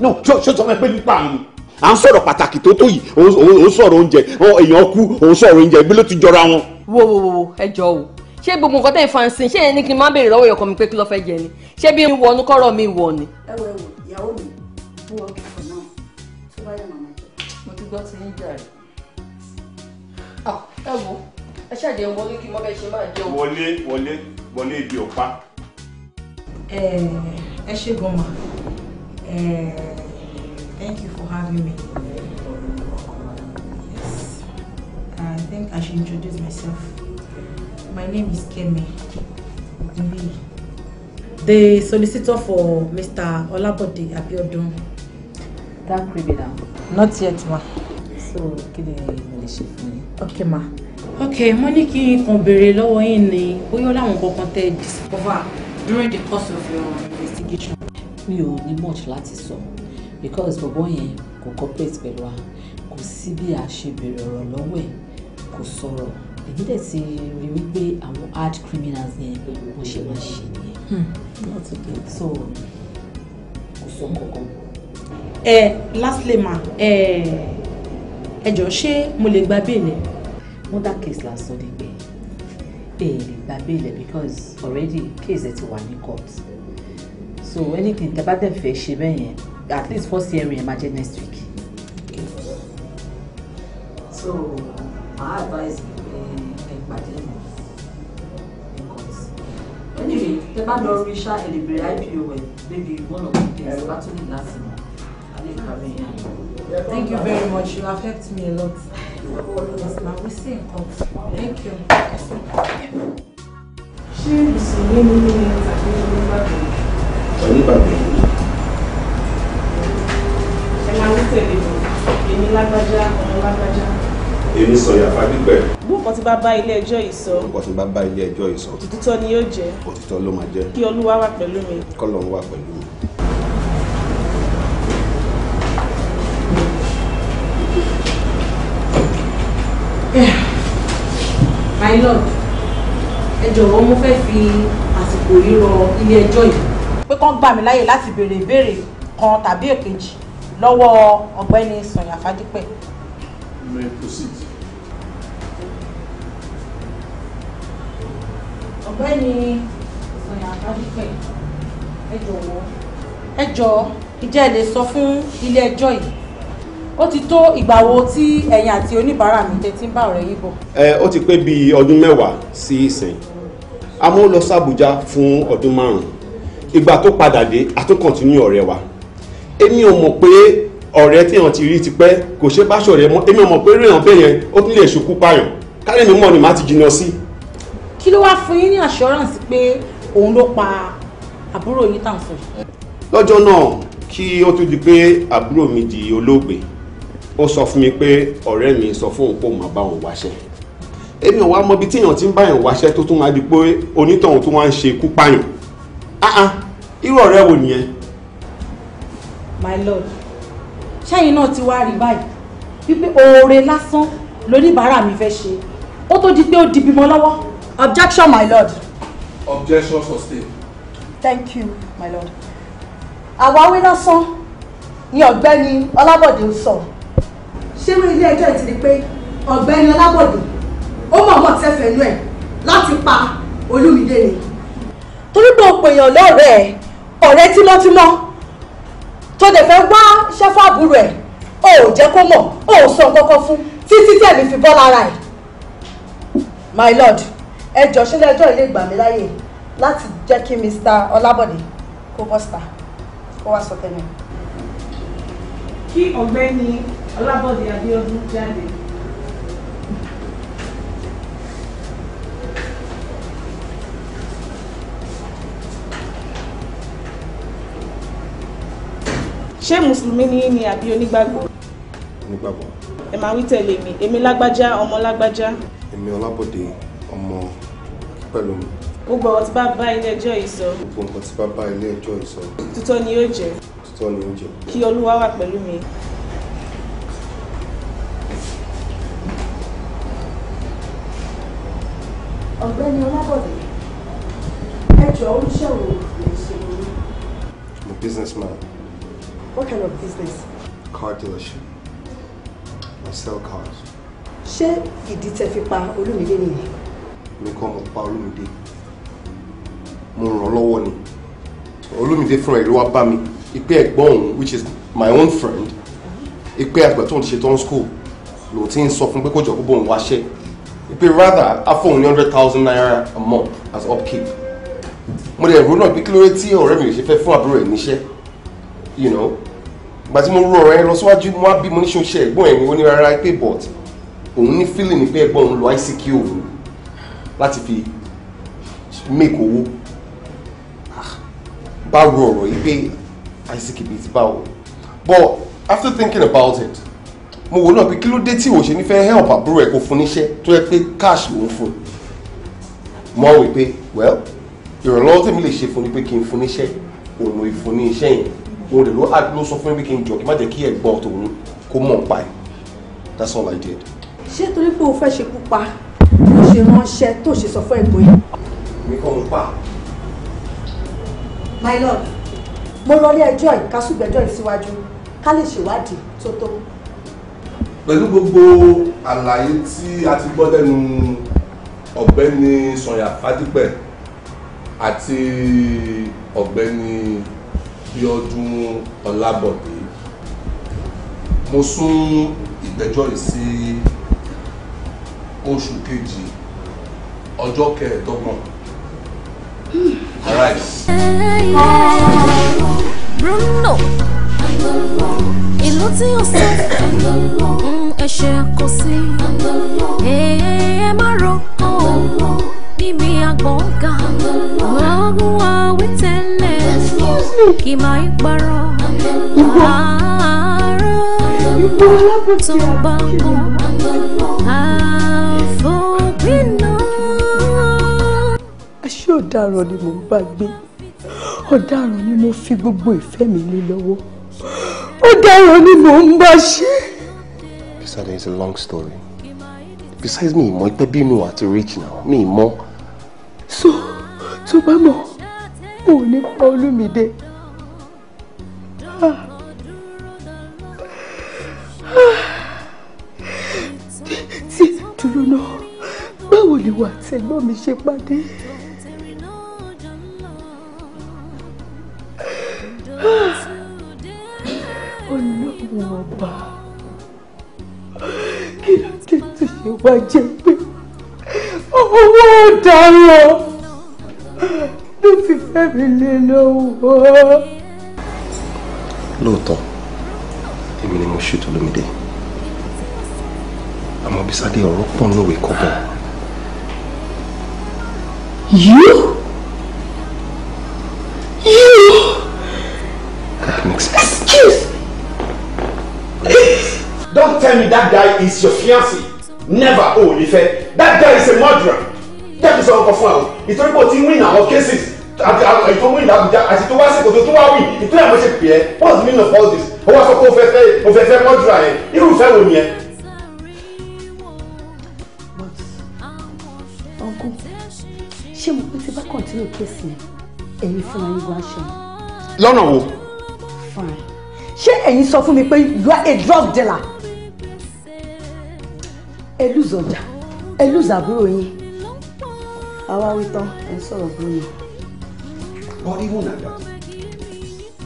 no ṣé o sọ fẹ́ pé nípa àrùn à ń sọ̀rọ̀ pàtàkì tó tó yìí òun sọ̀rọ̀ oúnjẹ èèyàn kú òun sọ̀rọ̀ oúnjẹ ibi ti jọra wọn. wo wo wo ẹjọ́ o ṣé gbogbo nǹkan tẹ̀ ń fansin ṣé ẹni kí n má béèrè lọ́wọ́ ìyọkọ mi pé kí ló fẹ́ jẹ ni ṣé bí mi wọnú kọ́rọ̀ mi wọ ni. ẹ wo ìyàwó mi fún ọkẹ fún náà tó bá yẹ màmá jẹ mo ti gbọ́ ti ń jà rẹ̀. ẹ wo ẹ ṣàdé wọlé kí mọ́bẹ ṣe máa jẹun. wọlé wọlé wọlé ibi ọ̀pá. ẹ ṣe gan ma thank you for having me yes, I think I should introduce myself. My name is Kemi. The solicitor for Mr. Olabode Abiodun. That criminal. Not yet, ma. So, give ni mo lè Okay, ma. Okay, money can kí n kàn béèrè lọ́wọ́ yín ni bóyá ó discover during the course of your investigation. We will need much láti so because bọ̀bọ̀ yẹn kò cooperate pẹ̀lú wa kò sí bí a ṣe béèrè ọ̀rọ̀ lọ́wọ́ ẹ̀ èmi dẹ̀ ti rí wípé àwọn hard criminals yẹn wọ́n ṣe máa ṣe nìyẹn. Hmm. not okay so kò sọ kankan. ẹ lastly ma ẹ ẹ jọ ṣé mo lè gba béèlì. murder case la sọ nígbẹ béèlì gba béèlì because already case ẹ ti wà ní court so anything tẹ bá dẹ̀ fẹ́ ṣe bẹ́ẹ̀ yẹn at least first hearing ẹ máa jẹ́ next week. so my advice. anyway tẹ bá lọ rí iṣá ẹlẹbẹrẹ ipo ẹ one of the things bá tún lè láti mọ alẹ kàwé yẹn. thank you very much you have helped me a lot. thank you. ṣé ìsìnkú mi ní tàbí onígbàgbé. onígbàgbé. ẹ máa ń tẹ̀lé mi èmi lágbájá ọmọ lágbájá èmi Sànyà Fádípẹ̀. bó nǹkan ti bá bá ilé ẹjọ́ yìí sọ. nǹkan ti bá bá ilé ẹjọ́ yìí sọ. òtítọ́ ni yóò jẹ́. òtítọ́ ló máa jẹ́. kí Olúwa wà pẹ̀lú mi. kọ́lọ́run wà pẹ̀lú mi. my lord ẹ jọ̀wọ́ mo fẹ́ fi àsìkò yìí rọ ilé ẹjọ́ yìí. pé kán gbà mí láyè láti béèrè ìbéèrè kan tàbí èkejì lọ́wọ́ ọ̀gbẹ́ni Sànyà Fádípẹ̀. may proceed. ọ̀gbẹ́ni ìsọ̀yà àbájúpẹ̀ ẹ jọ̀wọ́ ẹ jọ̀ọ́ ìjẹ́ ẹ lè sọ fún ilé ẹjọ́ yìí ó ti tó ìgbà wo tí ẹ̀yin àti oníbàárà mi tẹ ti ń bá ọ̀rẹ́ yìí bọ̀. ẹ ó ti pé bíi ọdún mẹ́wàá sí ìsìn a mú lọ sí Àbújá fún ọdún márùn-ún ìgbà tó padà dé a tún kọ̀ntínú ọ̀rẹ́ wa èmi ò mọ̀ pé ọ̀rẹ́ tí èèyàn ti rí ti pẹ́ kò ṣe bá ṣọ̀rẹ́ mọ́ èmi ò mọ̀ pé rí èèyàn bẹ́ẹ̀ yẹn ó tún lè ṣekú pààyàn kálẹ̀ mọ̀ ni màá ti jìnnà sí i kí ló wá fún yín ní assurance pé òun ló pa àbúrò yín tàn sọ yìí. lọ́jọ́ náà kí ó tún di pé àbúrò mi di olóògbé ó sọ fún mi pé ọ̀rẹ́ mi sọ fóun pé òun máa bá òun wáṣẹ́ èmi ò wá mọ ibi tí èèyàn ti ń bá èèyàn wáṣẹ́ tó tún máa di pé onítọ̀hún tó wá ń ṣe ikú pààyàn irú ọ̀rẹ́ wo nìyẹn. my lord ṣẹ́yìn náà ti wá rí báyìí wípé oore lásán lóníbàárà mi fẹ́ ṣe ó tó di pé ó di bímọ lọ́wọ́ Objection, my lord. Objection sustained. Thank you, my lord. Àwáwí lásán ni ọ̀gbẹ́ni Ọlábọ̀dé ń sọ. Ṣé wọ́n ilé ẹjọ́ ìtìrí pé ọ̀gbẹ́ni Ọlábọ̀dé ó mọ̀ọ́mọ̀ tẹ́fẹ̀ẹ́ nú ẹ̀ láti pa Olúmídé ni? Torí pé o pèèyàn lọ́rẹ̀ẹ́ ọ̀rẹ́ tímọ́tímọ́ tó dẹ̀ fẹ́ wá ṣẹ́fàbúrò ẹ̀ o ò jẹ́ kó mọ̀ o ò sọ nǹkan kan fún títí tẹ̀mí fi bọ́ lára ẹ̀. My lord ẹ jọ ṣẹlẹ̀ ẹjọ́ ilé gbà mí láyè láti jẹ́ kí Mr. Ọlábọ̀dé kó bọ́sítà kó wá sọ tẹ́lẹ̀. kí ọ̀gbẹ́ni Ọlábọ̀dé Abíọ́dún jáde. ṣé mùsùlùmí ni ni àbí onígbàgbọ́. onígbàgbọ́. ẹ máa wí tẹ̀lé mi èmi lágbájá ọmọ lágbájá. èmi Ọlábọ̀dé ọmọ pẹ̀lú mi. gbogbo àwọn tí bá bá ilé ẹjọ́ yìí sọ. gbogbo nǹkan tí bá bá ilé ẹjọ́ yìí sọ. tutọ́ ni yóò jẹ́. tutọ́ ni yóò jẹ́. kí olúwa wà pẹ̀lú mi. ọ̀gbẹ́ni ọlábọ̀dé ẹjọ́ oníṣòwò lè ṣe I'm a businessman. What kind of business? Car dealership. I sell cars. ṣé ìdí tẹ fi pa olúmídé nìyẹn mi kọ́ pa olómìdé mo ràn lọ́wọ́ ni olómìdé fúnra ẹ̀ ló wá bá mi ìpè ẹ̀gbọ́n òun which is my own friend ìpè àgbà tóun ti ṣe tán school lòun ti ń sọ fún pé kó jọ kó bóun wáṣẹ́ ìpè rather afọ́hún ní hundred thousand naira a month as upkeep mo dẹ̀ ronú àbí kí ló dé tí ọ̀rẹ́ mi ò ṣe fẹ́ fún àbúrò ẹ̀ níṣẹ́ you know gbàtí mo rú ọ̀rọ̀ lọ síwájú mo wá bí mo ní ṣe ń ṣe ẹ̀gbọ́n ẹ̀ ní onírara pé but òun ní feeling pé ẹ̀gbọ́n òun lọ ICQ òun láti fi make owó ah, báwo ọ̀rọ̀ yìí pé Isaac ibi ti báwo but after thinking about it mo wò náà pé kí ló dé tí òun ṣe ní fẹ́ help àbúrò ẹ̀ kó fún níṣẹ́ tó yẹ pé cash ló ń fún mo wí pé well ìrànlọ́wọ́ tèmi lè ṣe fún ni pé kí n fún níṣẹ́ òun mo fún ní iṣẹ́ yẹn òun lè ló sọ fún mi pé kí n jọ kí n má jẹ́ kí ẹ̀gbọ́n tòun kó mọ̀ pa ẹ̀ that's all I did. ṣé torí pé o fẹ́ ṣekú pa ṣe ránṣẹ́ tó ṣe sọ fún ẹ̀gbọ́n yìí. mi kò ń pa. my lord mo lọ ní ẹjọ́ yìí ká sùgbẹ́jọ́ yìí síwájú ká lè ṣèwádìí tó tó. pẹ̀lú gbogbo àlàyé tí a ti gbọ́ lẹ́nu ọ̀gbẹ́ni sọ̀yà fádípẹ̀ àti ọ̀gbẹ́ni bíọ́dún ọlábọ̀dé mo sún ìgbẹ́jọ́ yìí sí oṣù kejì ọjọ́ kẹẹ̀ẹ́dọ́gbọ̀n. Bruno ìlú tí ó sọ mm, ẹ̀ṣẹ̀ kò sí ẹ má ro níbi àgbọ̀ǹgà lọ́gùn àwí tẹ́lẹ̀ kì máa ń parọ́ ààrẹ tó bá kún àfọ̀bínú ọ̀daràn ni mò bá gbé ọ̀daràn ni mo fi gbogbo ìfẹ́ mi lé lọ́wọ́ ọ̀daràn ni mò ń bá ṣe. Bísádé it's a long story besides mi ìmọ̀ pé bínú àti rich now mi ìmọ̀. so tó bá mọ̀ mo ò ní pa Olúmídé. Ah. ah. tí dúró náà báwo ni wà tẹ̀gbọ́n mi ṣe pàdé. ọlọ́run ọba kí ló dé tó ṣe wá jẹ́ pé owó ọ̀daràn ló fi fẹ́ mi lé lọ́wọ́. lóòótọ́ èmi ni mo ṣètò lómìnira àmọ́ Bísádé ọ̀rọ̀ pọ̀ lówe kọ́kọ́. yóò. tell me that guy is your fiance. never Oh, ò lè that guy is a murderer tẹ́kù sọ ọkọ̀ fún àwọn ìtorí pé o ti win àwọn cases àti ètò win àbújá àti tó wá sí kòtò tó wá win ìtò àwọn ṣe pè é what's the meaning of all this ó wá sọ pé o fẹ́ fẹ́ o fẹ́ fẹ́ murderer yẹn irúfẹ́ wo ni ẹ. ọgùn ṣé mo pé tí bá continue kéèsì yẹn ẹ̀yin fúnra yín wá ṣe. lọ́nà wo. fine ṣé ẹ̀yin sọ fún mi pé you are a drug dealer ẹ lùzọ ọjà ẹ lùzọ àbúrò yín àwa wí tán ẹ sọ̀rọ̀ bóyá. wọ́n rí wọn àgbà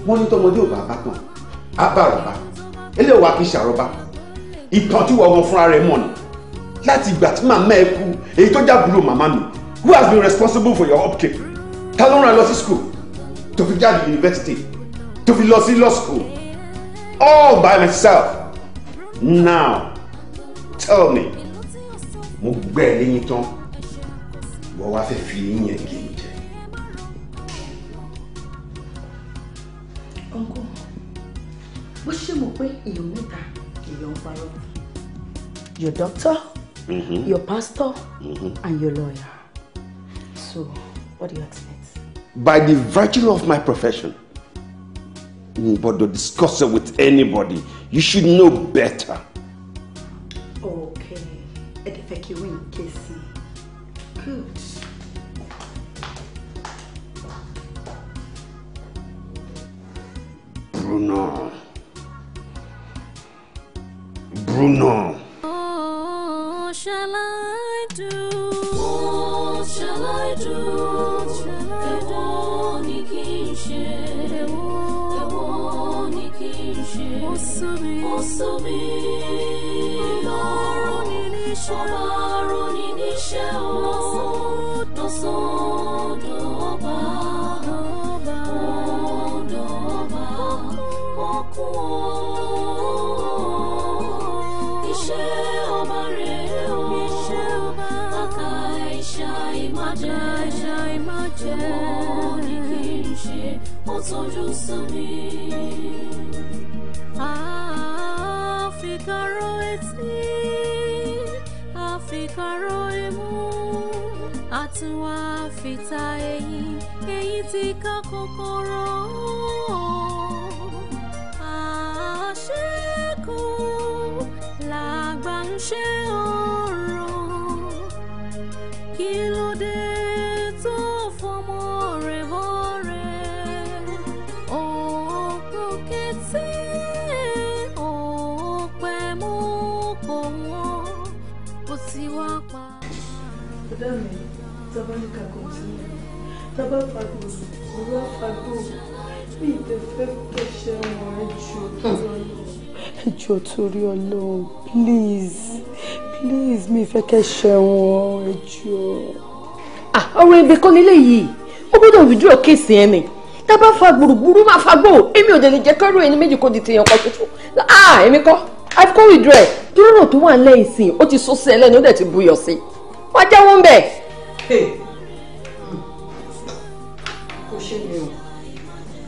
wọ́n ní tọmọdé ò bá bá tán á bá àròbá eléyìí wà kí n ṣàròbá ìtàn tí wọ́n fúnra rẹ̀ mọ̀ ni láti ìgbà tí màmá ẹ kú èyí tó jábùrò màmá mi who has been responsible for your upkeep ta ló ń ràn lọ sí school tó fi jáde university tó fi lọ sí law school all by myself now tell me mo gbẹ́ ẹ léyìn tán wọ́n wá fẹ́ fi eyín yẹn gé jẹ. ọ̀nkọ́ bó ṣe mọ̀ pé èèyàn mẹ́ta èèyàn ń parọ́ your doctor mm-hmm. your pastor mm-hmm. and your lawyer so what do you expect. by the virtue of my profession but to discuss it with anybody you should know better make you win Good. Bruno. Bruno. Oh, shall I do? What shall I do? Shall I do? Èwo ni kí ṣọ́ra roni níṣẹ́ o lọ sọ́dọ̀ ọba ọ̀dọ̀ ọba wọn kú o iṣẹ́ ọba rèé o kàkà ìṣà ìkaró imú àtúnwá fìtà ẹ̀yìn ẹ̀yìn ti ká kòkòrò àṣekù làgbà ń tábà fàgbò òwúrọ̀ fàgbò bí ìtẹ̀fẹ́ kẹsẹ̀ wọn ẹjọ́ ẹjọ́ torí ọlọ́run please please mi fẹ́ kẹsẹ̀ wọn ẹjọ́. ọ̀rọ̀ ibi kan nílé yìí ó gbọ́dọ̀ withdraw kéèsì ẹ̀ mi tábà fa gbùrùgbùrù máa fa gbò èmi ò dẹ̀ lè jẹ́ kẹ́rù ẹni méjì kó di tèèyàn kan ṣoṣo ah èmi kọ́ i've come with rẹ̀ dúró tó wà lẹ́yìn sí i ó ti sọ sí ẹlẹ́ni ó dẹ̀ ti buyọ̀ sí i wọ́n jáwọ́ ń bẹ̀ ṣe mi o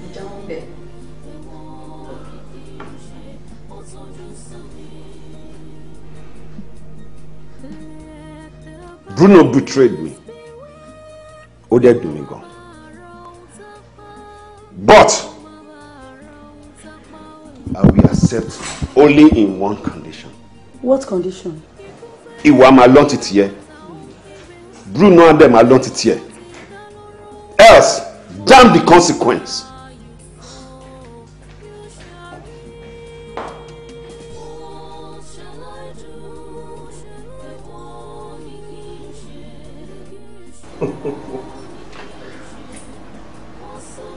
ìjáwọ́ bẹ̀. Bruno betrayed me ó dẹ̀ dùn but I will accept only in one condition. What condition? ìwà máa lọ́n ti Bruno and them lọ́n ti tiẹ̀ else damn the consequence.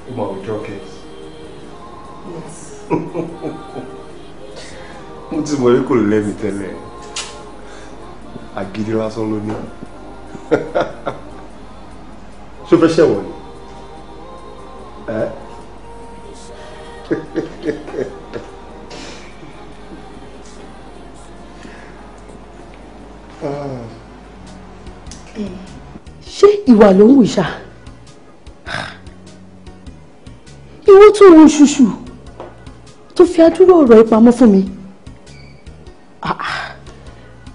Uma òjọ́ kẹ́. Mo ti mọ̀ pé kò lẹ́mi tẹ́lẹ̀. Àgídí lásán ló ní. Ṣé o fẹ́ ṣẹ̀wọ̀n ni? ṣé ìwà ló ń wù ṣá ìwọ tó ń ṣùṣù tó fi adúrò ọ̀rọ̀ ìpamọ́ fún mi ah, ah.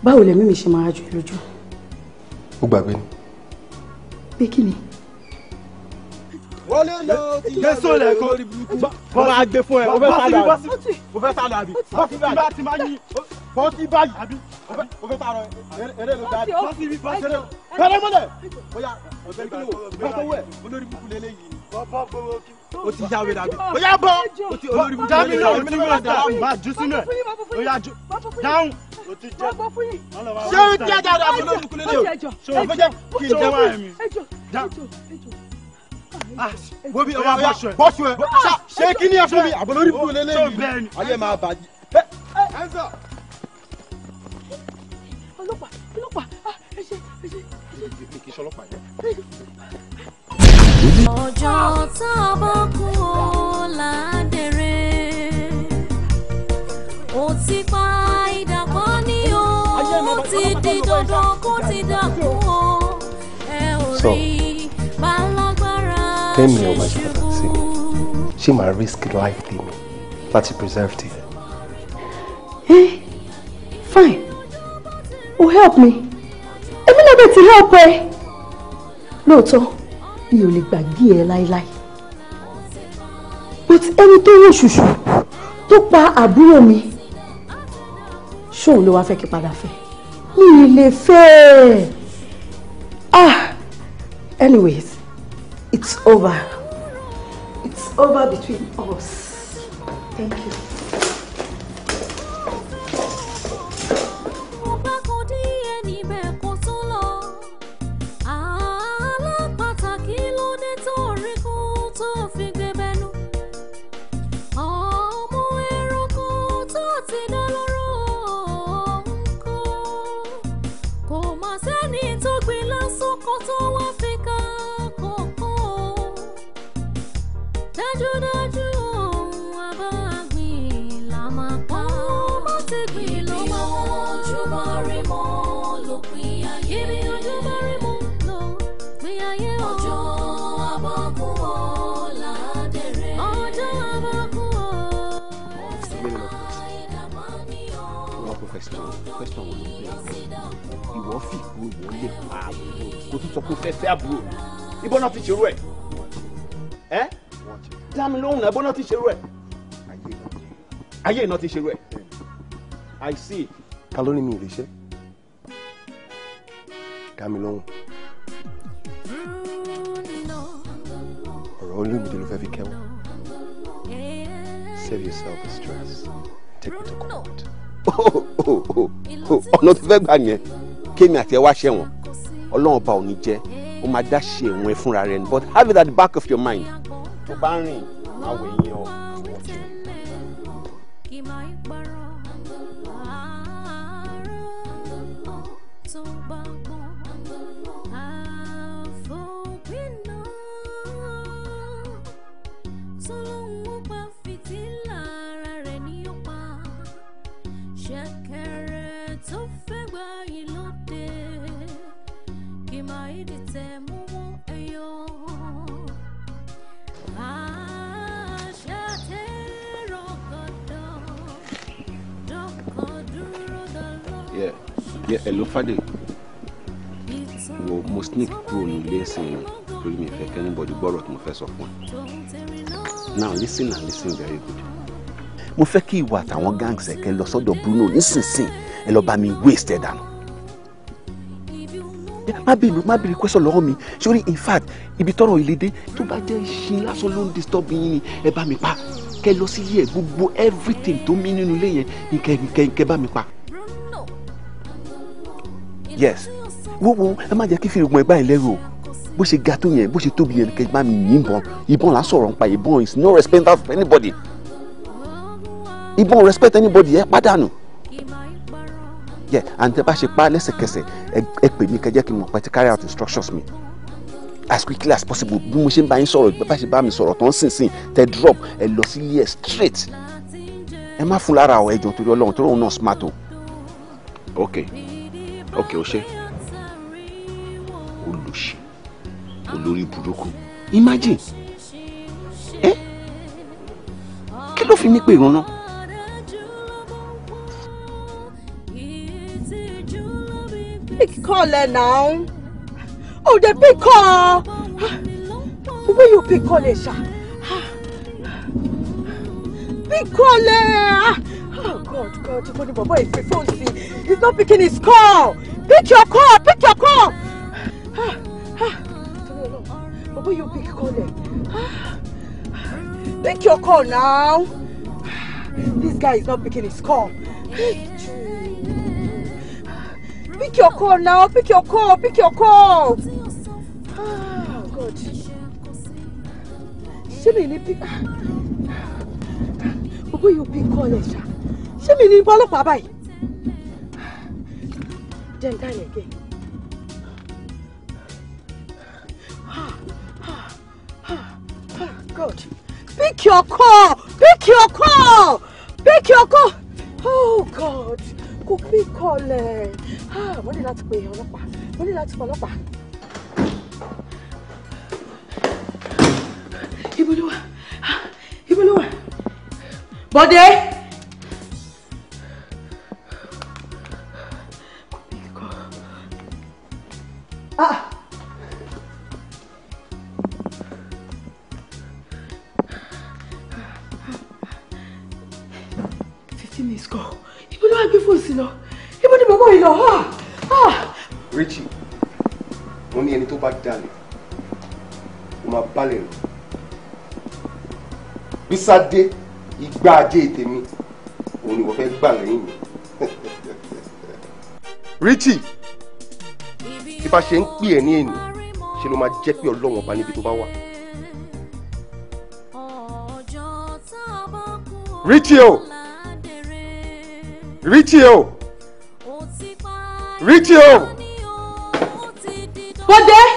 báwo lẹ̀mí mi ṣe máa jù lójú. ó gbàgbé ni. pé kí ni wọlé lọ ti yọ ọ lọ lórí burúkú. mo máa gbé fún ẹ o fẹ́ sálọ àbí o fẹ́ sálọ àbí bọ́sì bá ti máa yí bọ́sì bá yí àbí o fẹ́ sálọ eré ló dáa bọ́sì bí bọ́sì rẹ fẹ́rẹ́ mọ́lẹ̀ bóyá ọ̀sẹ̀ kí ló bá tó wẹ̀ olórí burúkú lélẹ̀ yìí ni. o ti yá wẹ̀rẹ̀ àbí bóyá bọ́ o ti olórí burúkú lélẹ̀ yìí ni. jamiu ọ̀dà máa jù sínú ẹ̀ bóyá jù dáhùn ṣé o ti ẹja rẹ àbúrò olùkúlẹ̀ lé o ṣé o fẹ́ jẹ́ kí n jẹ́ wá ẹ̀mí. Ah, ah, wo ọba bọ́ṣù ẹ bọ́ṣù ẹ ṣé kí ni ẹ fún mi àbọ̀lọ́ orí fún mi lélẹ́yìn ayé máa bàjẹ́. ọlọ́pàá ọlọ́pàá ah, ẹ ṣe ẹ ṣe kì ṣe ọjọ́ tá a kú ó ládẹ̀rẹ̀ ó ti pa ìdàpọ̀ ní ó ti di dandan kó ti dàkú o ẹ ò rí i tẹ́mi ò máa ṣe pàtàkì sí mi she màá risk life tèmi láti preserve ti. ẹ eh, fine oh, help me èmi náà bẹ̀ ti help ẹ lóòótọ́ mi ò lè gbàgbé ẹ láéláé but ẹni tó wò ṣùṣù tó pa àbúrò mi me. Show no fẹ́ kí padà fẹ́ mi ì lè ah anyways It's over. It's over between us. Thank you. dájúdájú ohun abáàgbìn là máa pa. ọmọ ti gbìn ló máa wọ́n. ibi ojúmọ́ rí mọ́ lópin ayé. ibi ojúmọ́ rí mọ́ lópin ayé. ọjọ́ abọ́kú o ládẹ̀rẹ̀. ọjọ́ abọ́kú o. Ìwọ fìgbó ìwọ lè pa àbúrò. Kò tún sọ pé fẹ́ fẹ́ àbúrò. Ìbọn náà fi ṣerú ẹ̀ dá mi lóhùn ẹ̀bọ́n náà ti ṣerú ẹ̀ ayé iná ti ṣerú ẹ̀ i see. ta ló ní mi ò lè ṣe dá mi lóhùn ọ̀rọ̀ olómìnira ló fẹ́ fi kẹ́wọ́ save yourself the stress take it to court. ọ̀nà tó fẹ́ gbà yẹn kémi àti ẹ wá ṣẹ̀wọ̀n ọlọ́run ọba ò ní jẹ́ ó máa dá ṣe ìwọ̀n ẹ fúnra rẹ ni but have it at the back of your mind tó bá rìn máa wẹ̀yìn yẹ ẹ ló fàdé wo mo sneak kúrò nílé ẹsìn torí mi fẹ́ kẹ́nìbọ̀dì gbọ́rọ̀ tí mo fẹ́ sọ fún ẹ now listen and listen very good mo fẹ́ kí ìwà àtàwọn gangs ẹ̀kẹ́ lọ sọ́dọ̀ Bruno nísinsìnyí ẹ lọ́ọ́ bá mi waste ẹ̀ dànù má bínú má bínú question lọ́wọ́ mi sórí in fact ibi tọrọ ìlédè tó bá jẹ́ ìṣin lásán ló ń disturb yín ni ẹ bá mi pa kẹ lọ sí yẹ gbogbo everything tó mí nínú ilé yẹn nkẹ nkẹ nkẹ bá mi pa yes wo wo ẹ má jẹ́ kí fìrìgùn ẹgbà yẹn lẹ́rù o bó ṣe ga tó yẹn bó ṣe tóbi yẹn kẹ́ bá mi yìnbọn ìbọn là sọ̀rọ̀ nípa ìbọn is no respect of anybody ìbọn respect anybody ẹ pàdánù yẹ àǹtẹ bá ṣe pa lẹ́sẹ̀kẹsẹ̀ ẹ pè mí kẹjẹ́ kí n mọ̀ pẹ́ ti carry out instructions mi as quickly as possible bí mo ṣe ń bá yín sọ̀rọ̀ bá ṣe bá mi sọ̀rọ̀ tán sínsìn tẹ drop ẹ lọ sí ilé ẹ straight ẹ má fún lára ọ ẹjọ torí Ọlọ́run torí òun náà smart o. okay ọkẹ ọṣẹ olùṣì olórí burúkú imagine ẹ kí ló fi mí pè rán náà. big call ẹ náà oh the big call wey you big call ẹ ṣá big call ẹ. Oh God, God, if only Baba is phone He's not picking his call. Pick your call, pick your call. Baba, you pick call him. Pick your call now. This guy is not picking his call. Pick your call now. Pick your call. Pick your call. Oh God. She need pick. Baba, you pick call, Esha ṣé mi ní ọlọ́pàá báyìí jẹ́ ń dáyẹ̀ God pick your call pick your call pick your call oh God kò pick call ẹ̀ ah, wọ́n ní láti pe ọlọ́pàá wọ́n ní láti pe ọlọ́pàá. Ibo ló wà? Ah, ibo ló wà? Bọ́dé. sáde igbá ajé tèmi òun ni wọ́n fẹ́ gbà lẹ́yìn mi. Richie tí bá ṣe ń pè ẹ́ ní èmi ṣe ló máa jẹ́ pé ọlọ́wọ́n ọba níbi tó bá wà. Richie o Richie o Richie o. Bọ́dé.